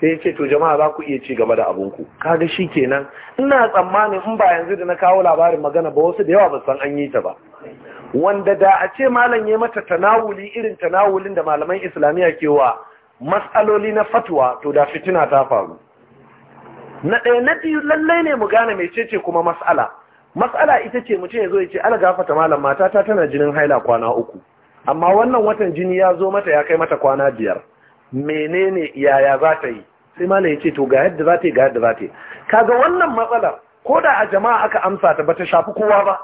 sai ya ce to jama'a za ku iya ci gaba da abinku kaga shi kenan ina tsammanin in ba yanzu da na kawo labarin magana ba wasu da yawa ba san an yi ta ba wanda da a ce malam ya mata tanawuli irin tanawulin da malaman islamiyya ke wa matsaloli na fatwa to da fitina ta faru na ɗaya na biyu lallai ne mu gane mai cece kuma matsala matsala ita ce mutum ya zo ya ce ala gafata malam ta tana jinin haila kwana uku amma wannan watan jini ya zo mata ya kai mata kwana biyar menene yaya za ta yi sai malam ya ce to ga yadda za ta yi ga yadda za ta yi kaga wannan matsalar ko da a jama'a aka amsa ta ba ta shafi kowa ba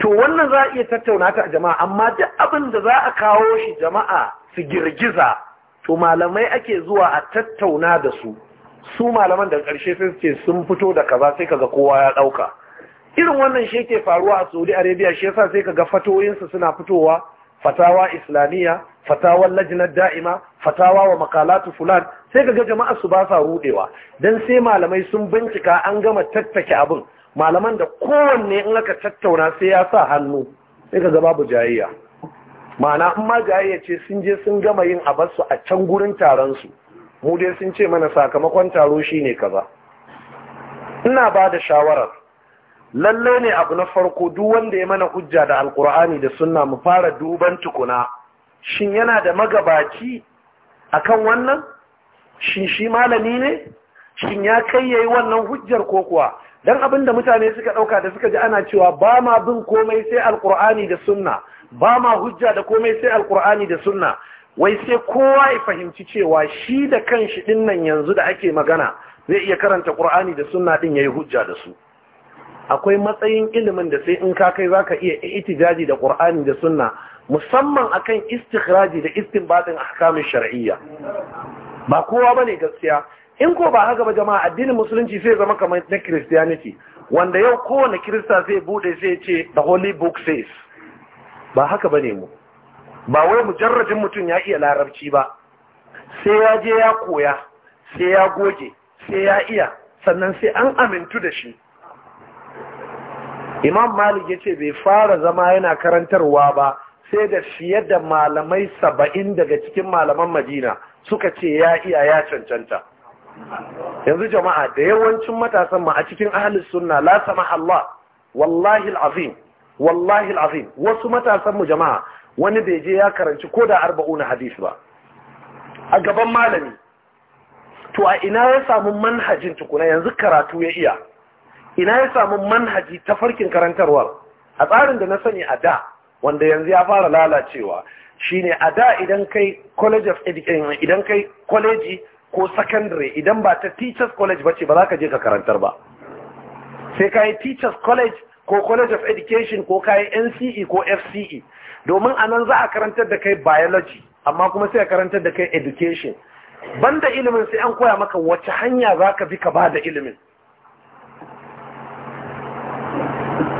to wannan za a iya tattauna ta a jama'a amma duk abin da za a kawo shi jama'a su girgiza to malamai ake zuwa a tattauna da su su malaman da ƙarshe sai ce sun fito da kaza sai kaga kowa ya ɗauka irin wannan shi yake faruwa a saudi arabia shi yasa sai kaga su suna fitowa fatawa islamiyya fatawa lajinar da'ima fatawa wa makalatu fulan sai kaga jama'a su ba sa rudewa dan sai malamai sun bincika an gama tattake abin malaman da kowanne in aka tattauna sai ya sa hannu sai kaga babu jayayya ma'ana in ma ya ce sun je sun gama yin a a can gurin taron su mu dai sun ce mana sakamakon taro shine kaza ina ba da shawarar lalle ne abu na farko duk wanda ya mana hujja da alkur'ani da sunna mu fara duban tukuna shin yana da magabaci akan wannan shin shi malami ne shin ya kai yayi wannan hujjar ko kuwa dan abinda mutane suka dauka da suka ji ana cewa ba ma bin komai sai alkur'ani da sunna ba ma hujja da komai sai alkur'ani da sunna wai sai kowa ya fahimci cewa shi da kan shi din nan yanzu da ake magana zai iya karanta ƙur'ani da sunna din yayi hujja da su akwai matsayin ilimin da sai in ka kai zaka iya itijaji da ƙur'ani da sunna musamman akan istikhraji da istinbatin ahkamin shar'iyya ba kowa bane gaskiya in ko ba haka ba jama'a addinin musulunci sai zama kamar na christianity wanda yau kowane kirista zai buɗe sai ya ce the holy book says ba haka ba ne mu ba wai mujarrajin mutum ya iya larabci ba sai ya je ya koya sai ya goge sai ya iya sannan sai an amintu da shi imam malik ya ce bai fara zama yana karantarwa ba sai da fiye da malamai saba'in daga cikin malaman madina suka ce ya iya ya cancanta yanzu jama'a da yawancin matasan ma a cikin ahalis sunna la sama Allah wallahi azim wallahi alazim wasu matasan mu jama'a wani bai je ya karanci ko da arba'una hadis ba a gaban malami to a ina ya samu manhajin tukuna yanzu karatu ya iya ina ya samu manhaji ta farkin karantarwar a tsarin da na sani a da wanda yanzu ya fara lalacewa shine a da idan kai college of idan kai college ko secondary idan ba ta teachers college ce ba za ka je ka karantar ba sai ka yi teachers college ko college of education ko kayi nce ko fce domin a nan za a karantar da kai biology amma kuma sai a karantar da kai education banda ilimin sai an koya maka wace hanya za ka bi ka ba da ilimin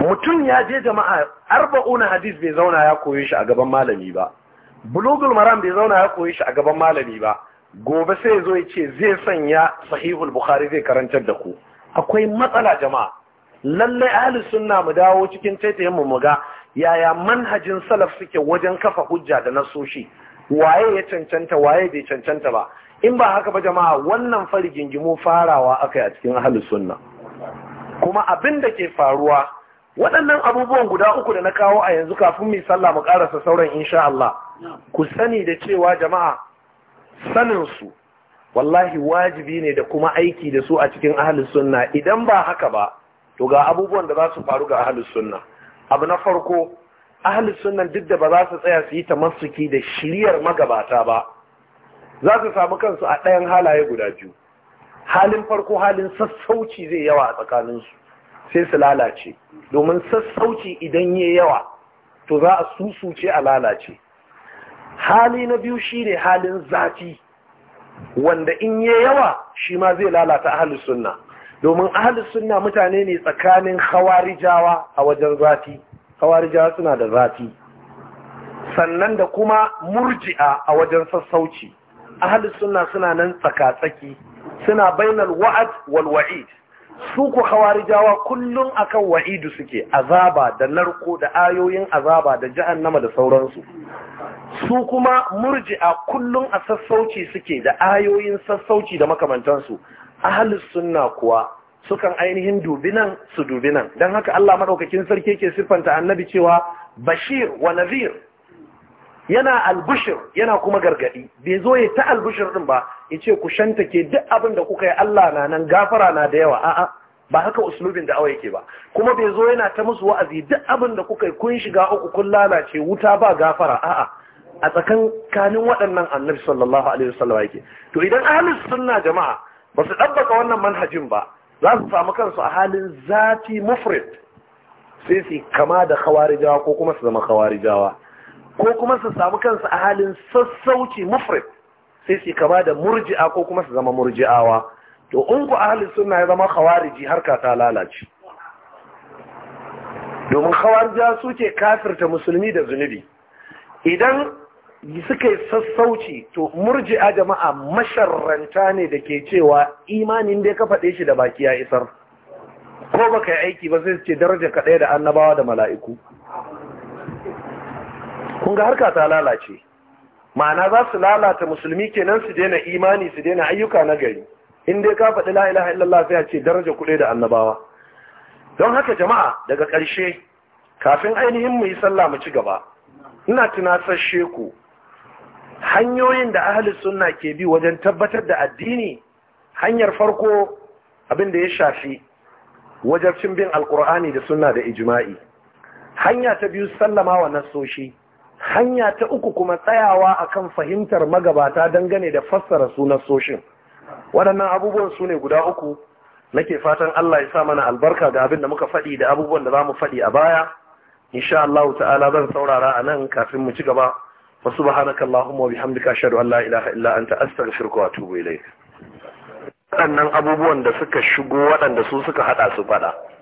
mutum ya je jama'a arba'una hadis bai zauna ya koyi shi a gaban malami ba bulugul maram bai zauna ya koyi shi a gaban malami ba gobe sai zo ya ce zai sanya sahihul bukhari zai karantar da ku akwai matsala jama'a lalle ahli sunna mu dawo cikin taitayen mu muga yaya manhajin salaf suke wajen kafa hujja da nasoshi waye ya cancanta waye bai cancanta ba in ba haka ba jama'a wannan fari gingimu farawa akai a cikin ahli sunna kuma abin da ke faruwa waɗannan abubuwan guda uku da na kawo a yanzu kafin mu sallah mu karasa sauran insha Allah ku sani da cewa jama'a sanin su wallahi wajibi ne da kuma aiki da su a cikin ahli sunna idan ba haka ba to ga abubuwan da za su faru ga ahalus sunna abu na farko ahalus sunna duk da ba za su tsaya su yi ta tamassuki da shiriyar magabata ba za su samu kansu a ɗayan halaye guda biyu halin farko halin sassauci zai yawa a tsakaninsu sai su lalace domin sassauci idan ya yawa to za a susuce a lalace hali na biyu shine halin zafi wanda in ya yawa shi ma zai lalata ahalus sunna domin ahalus suna mutane ne tsakanin hawarijawa a wajen zafi hawarijawa suna da zafi sannan da kuma murji'a a wajen sassauci ahalus suna suna nan tsakatsaki suna bainal wa'ad wal wa'id su ku hawarijawa kullum akan wa'idu suke azaba da narko da ayoyin azaba da jahannama da sauransu su kuma murji'a kullum a sassauci suke da ayoyin sassauci da makamantansu ahalus sunna kuwa sukan ainihin dubi nan su dubi nan don haka Allah maɗaukakin sarki ke siffanta annabi cewa bashir wa nazir yana albushir yana kuma gargadi bai zo ya ta albushir ɗin ba ya ce ku shanta ke duk abin da kuka yi Allah na nan gafara na da yawa a'a ba haka uslubin da awa yake ba kuma bai zo yana ta musu wa'azi duk abin da kuka yi kun shiga uku kun lalace wuta ba gafara a'a a tsakankanin waɗannan annabi sallallahu alaihi wasallam yake to idan ahlus sunna jama'a ba su ɗabbaka wannan manhajin ba za su samu kansu a halin zafi mufrit sai su kama da khawarijawa ko kuma su zama khawarijawa ko kuma su samu kansu a halin sassauci mufrit sai su kama da murji'a ko kuma su zama murji'awa to in ku ahli sunna ya zama khawariji harka ta lalace domin khawarija suke kafirta musulmi da zunubi idan suka yi sassauci to murji'a jama'a masharranta ne da ke cewa imanin da ka faɗe shi da baki ya isar ko baka yi aiki ba sai ce daraja kaɗai da annabawa da mala'iku kun ga harka ta lalace ma'ana za su lalata musulmi kenan su daina imani su daina ayyuka na gari in dai ka faɗi la ilaha illallah sai a ce daraja kuɗe da annabawa don haka jama'a daga ƙarshe kafin ainihin mu yi sallah mu ci gaba ina tunasar sheku hanyoyin da ahalus suna ke bi wajen tabbatar da addini hanyar farko abin da ya shafi wajen bin alkur'ani da suna da ijima'i hanya ta biyu sallama wa nasoshi. hanya ta uku kuma tsayawa a kan fahimtar magabata dangane da fassara su nasoshin waɗannan abubuwan su ne guda uku nake fatan Allah ya sa mana albarka ga abin da muka faɗi da abubuwan da za mu faɗi a baya insha Allah ta'ala zan saurara a nan kafin mu ci gaba wa subhanaka allahumma wa bihamdika ashhadu an la ilaha illa anta astaghfiruka wa atubu ilayk waɗannan abubuwan da suka shigo waɗanda su suka haɗa su faɗa